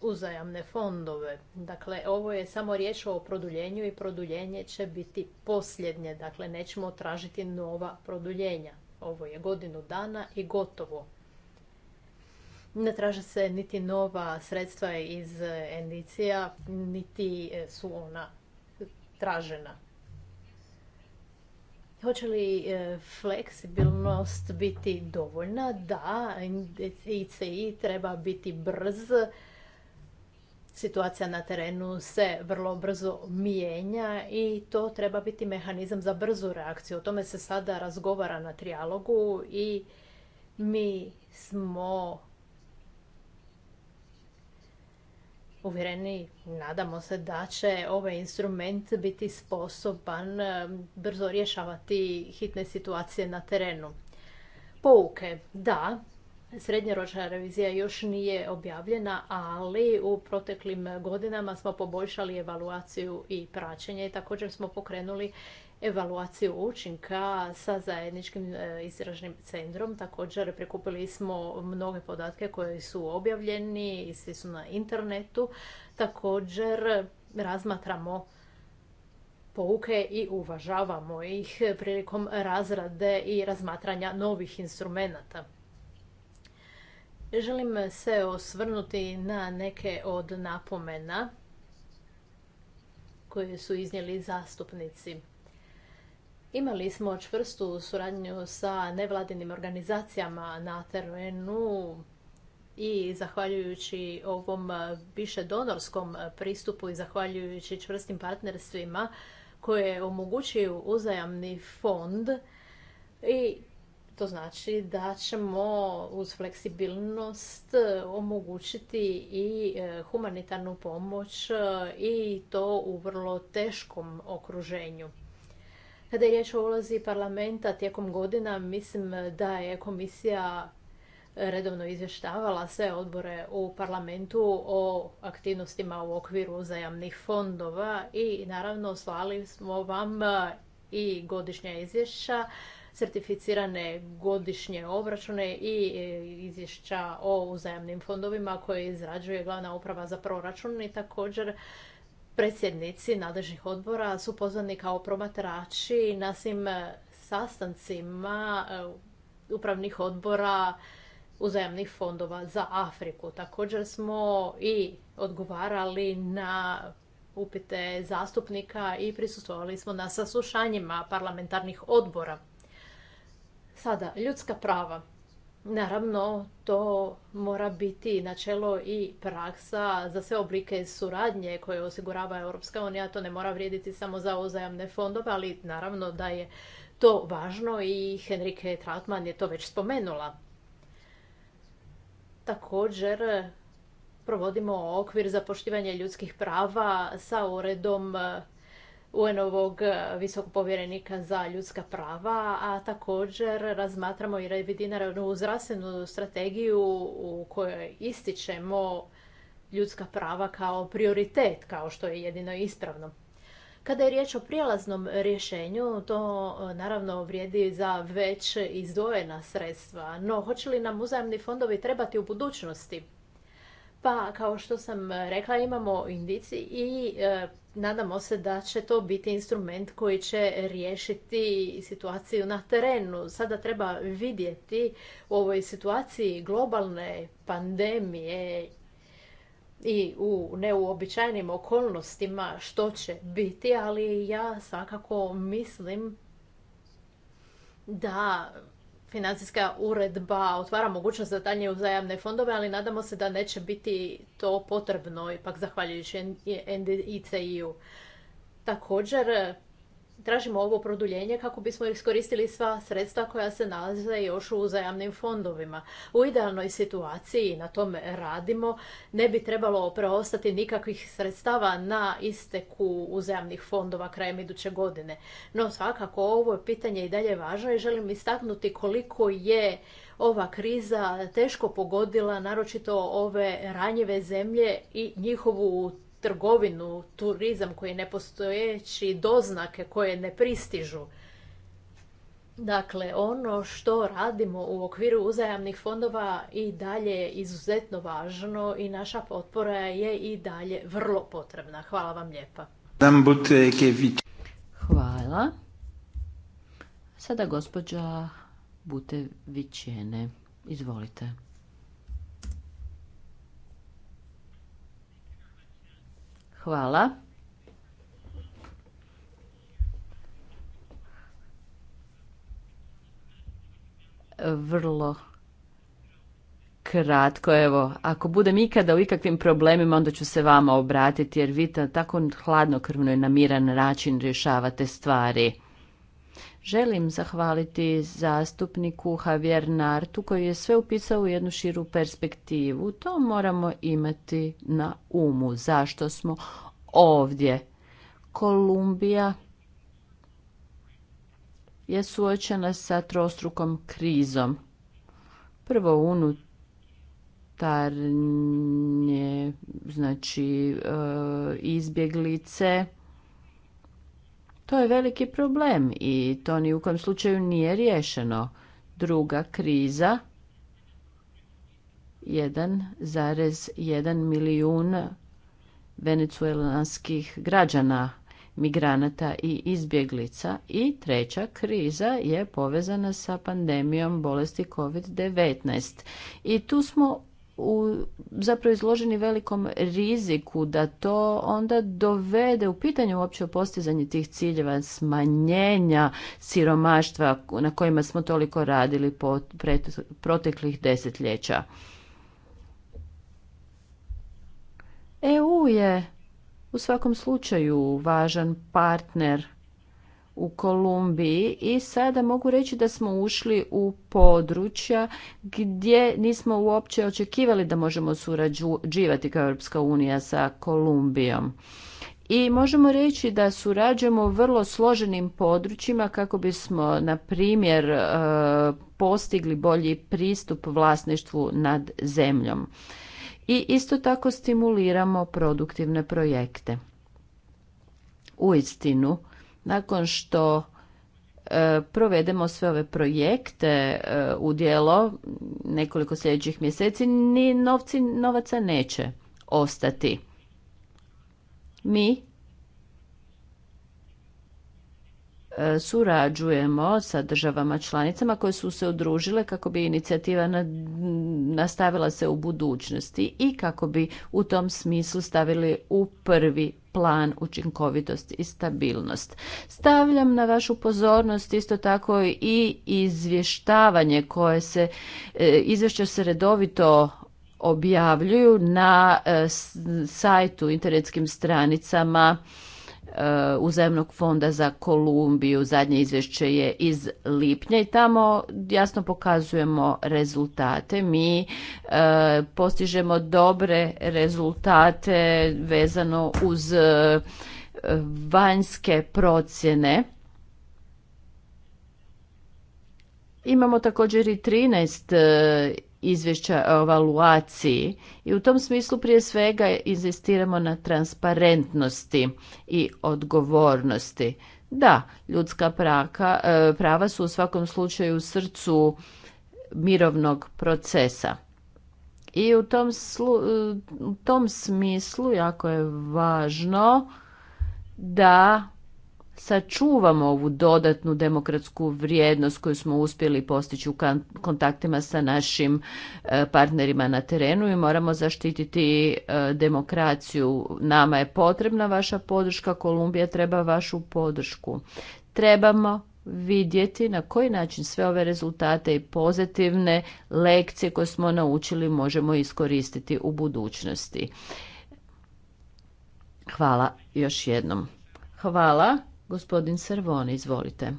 uzajamne fondove. Dakle, ovo je samo riječ o produljenju i produljenje će biti posljednje. Dakle, nećemo tražiti nova produljenja. Ovo je godinu dana i gotovo. Ne traže se niti nova sredstva iz Endicija, niti su ona tražena. Hoće li e, fleksibilnost biti dovoljna? Da, ICI treba biti brz. Situacija na terenu se vrlo brzo mijenja i to treba biti mehanizam za brzu reakciju. O tome se sada razgovara na trijalogu i mi smo uvjereni, nadamo se da će ovaj instrument biti sposoban eh, brzo rješavati hitne situacije na terenu. Pouke, da, srednjoročna revizija još nije objavljena, ali u proteklim godinama smo poboljšali evaluaciju i praćenje i također smo pokrenuli evaluaciju učinka sa zajedničkim e, istražnim centrom. Također prikupili smo mnoge podatke koji su objavljeni i svi su na internetu. Također razmatramo pouke i uvažavamo ih prilikom razrade i razmatranja novih instrumenata. Želim se osvrnuti na neke od napomena koje su iznijeli zastupnici. Imali smo čvrstu suradnju sa nevladinim organizacijama na terenu i zahvaljujući ovom više donorskom pristupu i zahvaljujući čvrstim partnerstvima koje omogućuju uzajamni fond i to znači da ćemo uz fleksibilnost omogućiti i e, humanitarnu pomoć i to u vrlo teškom okruženju. Kada je riječ o ulozi parlamenta tijekom godina, mislim da je komisija redovno izvještavala sve odbore u parlamentu o aktivnostima u okviru uzajamnih fondova i naravno slali smo vam i godišnja izvješća, certificirane godišnje obračune i izvješća o uzajamnim fondovima koje izrađuje glavna uprava za proračun i također predsjednici nadležnih odbora su pozvani kao promatrači na svim e, sastancima e, upravnih odbora uzajamnih fondova za Afriku. Također smo i odgovarali na upite zastupnika i prisustvovali smo na saslušanjima parlamentarnih odbora. Sada, ljudska prava. Naravno, to mora biti načelo i praksa za sve oblike suradnje koje osigurava Europska unija. To ne mora vrijediti samo za uzajamne fondove, ali naravno da je to važno i Henrike Trautmann je to već spomenula. Također, provodimo okvir za poštivanje ljudskih prava sa uredom UN-ovog eh, visokog povjerenika za ljudska prava, a također razmatramo i revidiranu zdravstvenu strategiju u kojoj ističemo ljudska prava kao prioritet, kao što je jedino ispravno. Kada je riječ o prijelaznom rješenju, to eh, naravno vrijedi za već izdvojena sredstva, no hoće li nam uzajemni fondovi trebati u budućnosti? Pa, kao što sam rekla, imamo indici i eh, nadamo se da će to biti instrument koji će riješiti situaciju na terenu. Sada treba vidjeti u ovoj situaciji globalne pandemije i u neuobičajenim okolnostima što će biti, ali ja svakako mislim da financijska uredba otvara mogućnost za dalje uzajamne fondove, ali nadamo se da neće biti to potrebno, ipak zahvaljujući NDICI-u. Također, tražimo ovo produljenje kako bismo iskoristili sva sredstva koja se nalaze još u uzajamnim fondovima. U idealnoj situaciji na tome radimo, ne bi trebalo preostati nikakvih sredstava na isteku uzajamnih fondova krajem iduće godine. No svakako ovo je pitanje i dalje važno i želim istaknuti koliko je ova kriza teško pogodila naročito ove ranjive zemlje i njihovu trgovinu, turizam koji je nepostojeći, doznake koje ne pristižu. Dakle, ono što radimo u okviru uzajamnih fondova i dalje je izuzetno važno i naša potpora je i dalje vrlo potrebna. Hvala vam lijepa. Hvala. Sada gospođa Butevićene. Izvolite. Hvala. Vrlo kratko, evo, ako budem ikada u ikakvim problemima, onda ću se vama obratiti, jer vi tako hladnokrvno i na miran način rješavate stvari. Želim zahvaliti zastupniku Javier Nartu koji je sve upisao u jednu širu perspektivu. To moramo imati na umu. Zašto smo ovdje? Kolumbija je suočena sa trostrukom krizom. Prvo unutarnje, znači e, izbjeglice, to je veliki problem i to ni u kojem slučaju nije riješeno. Druga kriza 1,1 milijun venecuelanskih građana, migranata i izbjeglica. I treća kriza je povezana sa pandemijom bolesti COVID-19. I tu smo u, zapravo izloženi velikom riziku da to onda dovede u pitanje uopće o postizanje tih ciljeva smanjenja siromaštva na kojima smo toliko radili po proteklih desetljeća. EU je u svakom slučaju važan partner u Kolumbiji i sada mogu reći da smo ušli u područja gdje nismo uopće očekivali da možemo surađivati kao Europska unija sa Kolumbijom. I možemo reći da surađujemo u vrlo složenim područjima kako bismo, na primjer, e, postigli bolji pristup vlasništvu nad zemljom. I isto tako stimuliramo produktivne projekte. U istinu, nakon što e, provedemo sve ove projekte e, u djelo nekoliko sljedećih mjeseci, ni novci, novaca neće ostati. Mi e, surađujemo sa državama članicama koje su se udružile kako bi inicijativa nastavila se u budućnosti i kako bi u tom smislu stavili u prvi plan učinkovitost i stabilnost. Stavljam na vašu pozornost isto tako i izvještavanje koje se, e, izvješća se redovito objavljuju na e, sajtu, internetskim stranicama Eh, uzemnog fonda za Kolumbiju. Zadnje izvješće je iz lipnja i tamo jasno pokazujemo rezultate. Mi eh, postižemo dobre rezultate vezano uz eh, vanjske procjene. Imamo također i 13 izvješća o e, evaluaciji i u tom smislu prije svega inzistiramo na transparentnosti i odgovornosti. Da, ljudska praka, e, prava su u svakom slučaju u srcu mirovnog procesa. I u tom, e, u tom smislu jako je važno da sačuvamo ovu dodatnu demokratsku vrijednost koju smo uspjeli postići u kontaktima sa našim e, partnerima na terenu i moramo zaštititi e, demokraciju. Nama je potrebna vaša podrška, Kolumbija treba vašu podršku. Trebamo vidjeti na koji način sve ove rezultate i pozitivne lekcije koje smo naučili možemo iskoristiti u budućnosti. Hvala još jednom. Hvala. Gospodin Servoni, izvolite.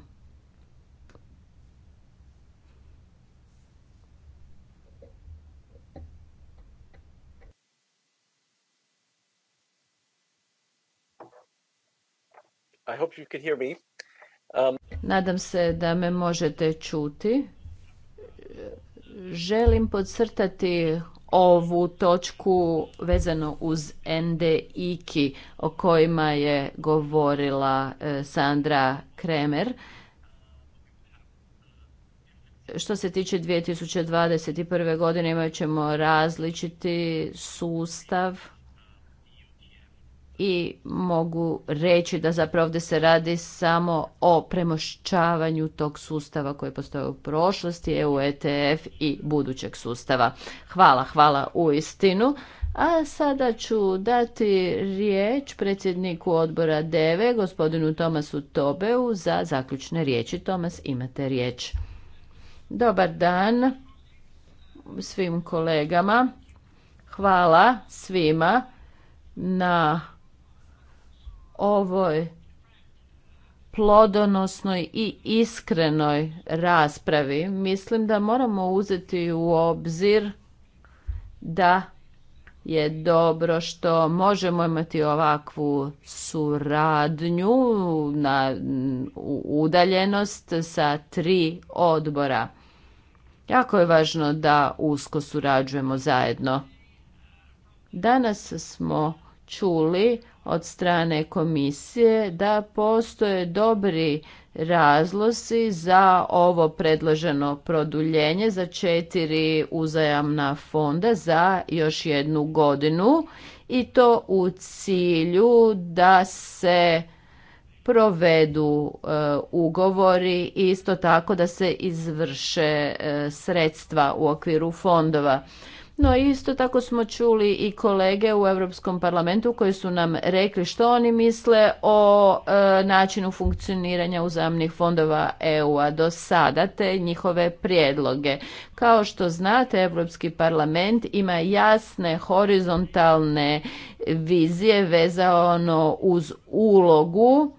I hope you hear me. Um, Nadam se da me možete čuti. Želim podcrtati ovu točku vezano uz NDIKI o kojima je govorila e, Sandra Kremer. Što se tiče 2021. godine imat ćemo različiti sustav i mogu reći da zapravo ovdje se radi samo o premošćavanju tog sustava koji postoje u prošlosti, EU ETF i budućeg sustava. Hvala, hvala u istinu. A sada ću dati riječ predsjedniku odbora DEVE, gospodinu Tomasu Tobeu, za zaključne riječi. Tomas, imate riječ. Dobar dan svim kolegama. Hvala svima na ovoj plodonosnoj i iskrenoj raspravi. Mislim da moramo uzeti u obzir da je dobro što možemo imati ovakvu suradnju na udaljenost sa tri odbora. Jako je važno da usko surađujemo zajedno. Danas smo čuli od strane komisije da postoje dobri razlozi za ovo predloženo produljenje za četiri uzajamna fonda za još jednu godinu i to u cilju da se provedu e, ugovori i isto tako da se izvrše e, sredstva u okviru fondova. No isto tako smo čuli i kolege u Europskom parlamentu koji su nam rekli što oni misle o e, načinu funkcioniranja uzajamnih fondova EU-a do sada te njihove prijedloge. Kao što znate, Europski parlament ima jasne horizontalne vizije vezano uz ulogu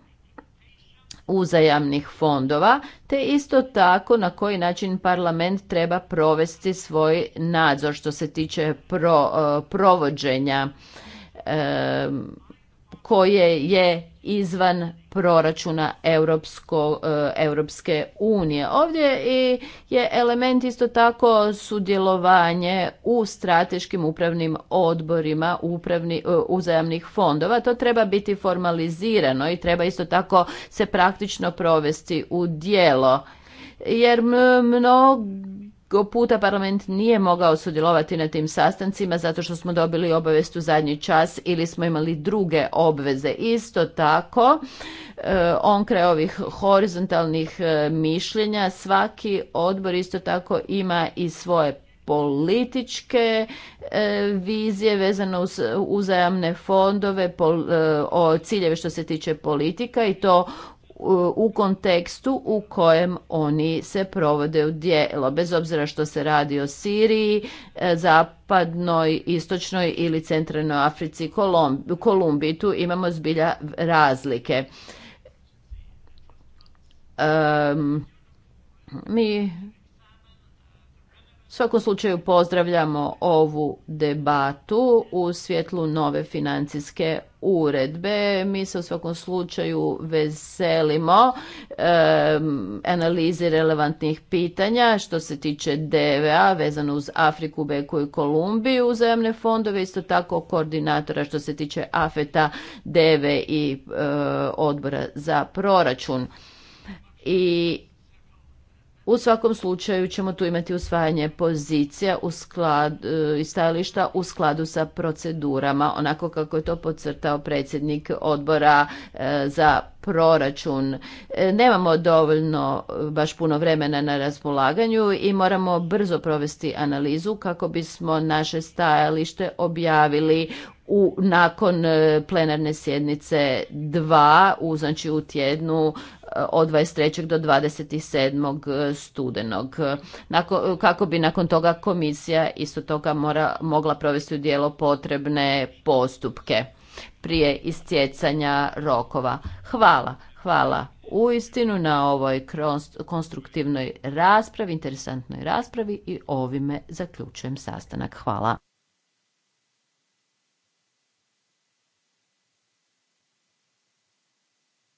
uzajamnih fondova, te isto tako na koji način parlament treba provesti svoj nadzor što se tiče eh, provođenja eh, koje je izvan proračuna Europsko, e, Europske unije. Ovdje je element isto tako sudjelovanje u strateškim upravnim odborima upravni, e, uzajamnih fondova. To treba biti formalizirano i treba isto tako se praktično provesti u djelo. Jer mnogo puta parlament nije mogao sudjelovati na tim sastancima zato što smo dobili obavijest u zadnji čas ili smo imali druge obveze. Isto tako, e, on kraj ovih horizontalnih e, mišljenja, svaki odbor isto tako ima i svoje političke e, vizije vezano uz uzajamne fondove, ciljeve što se tiče politika i to u kontekstu u kojem oni se provode u dijelo, bez obzira što se radi o Siriji, e, zapadnoj, istočnoj ili centralnoj Africi, Kolumbiji. Tu imamo zbilja razlike. mi u svakom slučaju pozdravljamo ovu debatu u svjetlu nove financijske uredbe. Mi se u svakom slučaju veselimo analizi relevantnih pitanja što se tiče DVA vezano uz Afriku, Beku i Kolumbiju uzajemne fondove, isto tako koordinatora što se tiče AFETA, DV i e, odbora za proračun. I u svakom slučaju ćemo tu imati usvajanje pozicija e, i stajališta u skladu sa procedurama, onako kako je to podcrtao predsjednik odbora e, za proračun. E, nemamo dovoljno baš puno vremena na raspolaganju i moramo brzo provesti analizu kako bismo naše stajalište objavili nakon plenarne sjednice 2, u, znači u tjednu od 23. do 27. E, studenog. E, kako bi nakon toga komisija isto toga mogla provesti u dijelo potrebne postupke prije istjecanja rokova. Hvala, hvala uistinu na ovoj konstruktivnoj raspravi, interesantnoj raspravi i ovime zaključujem sastanak. Hvala.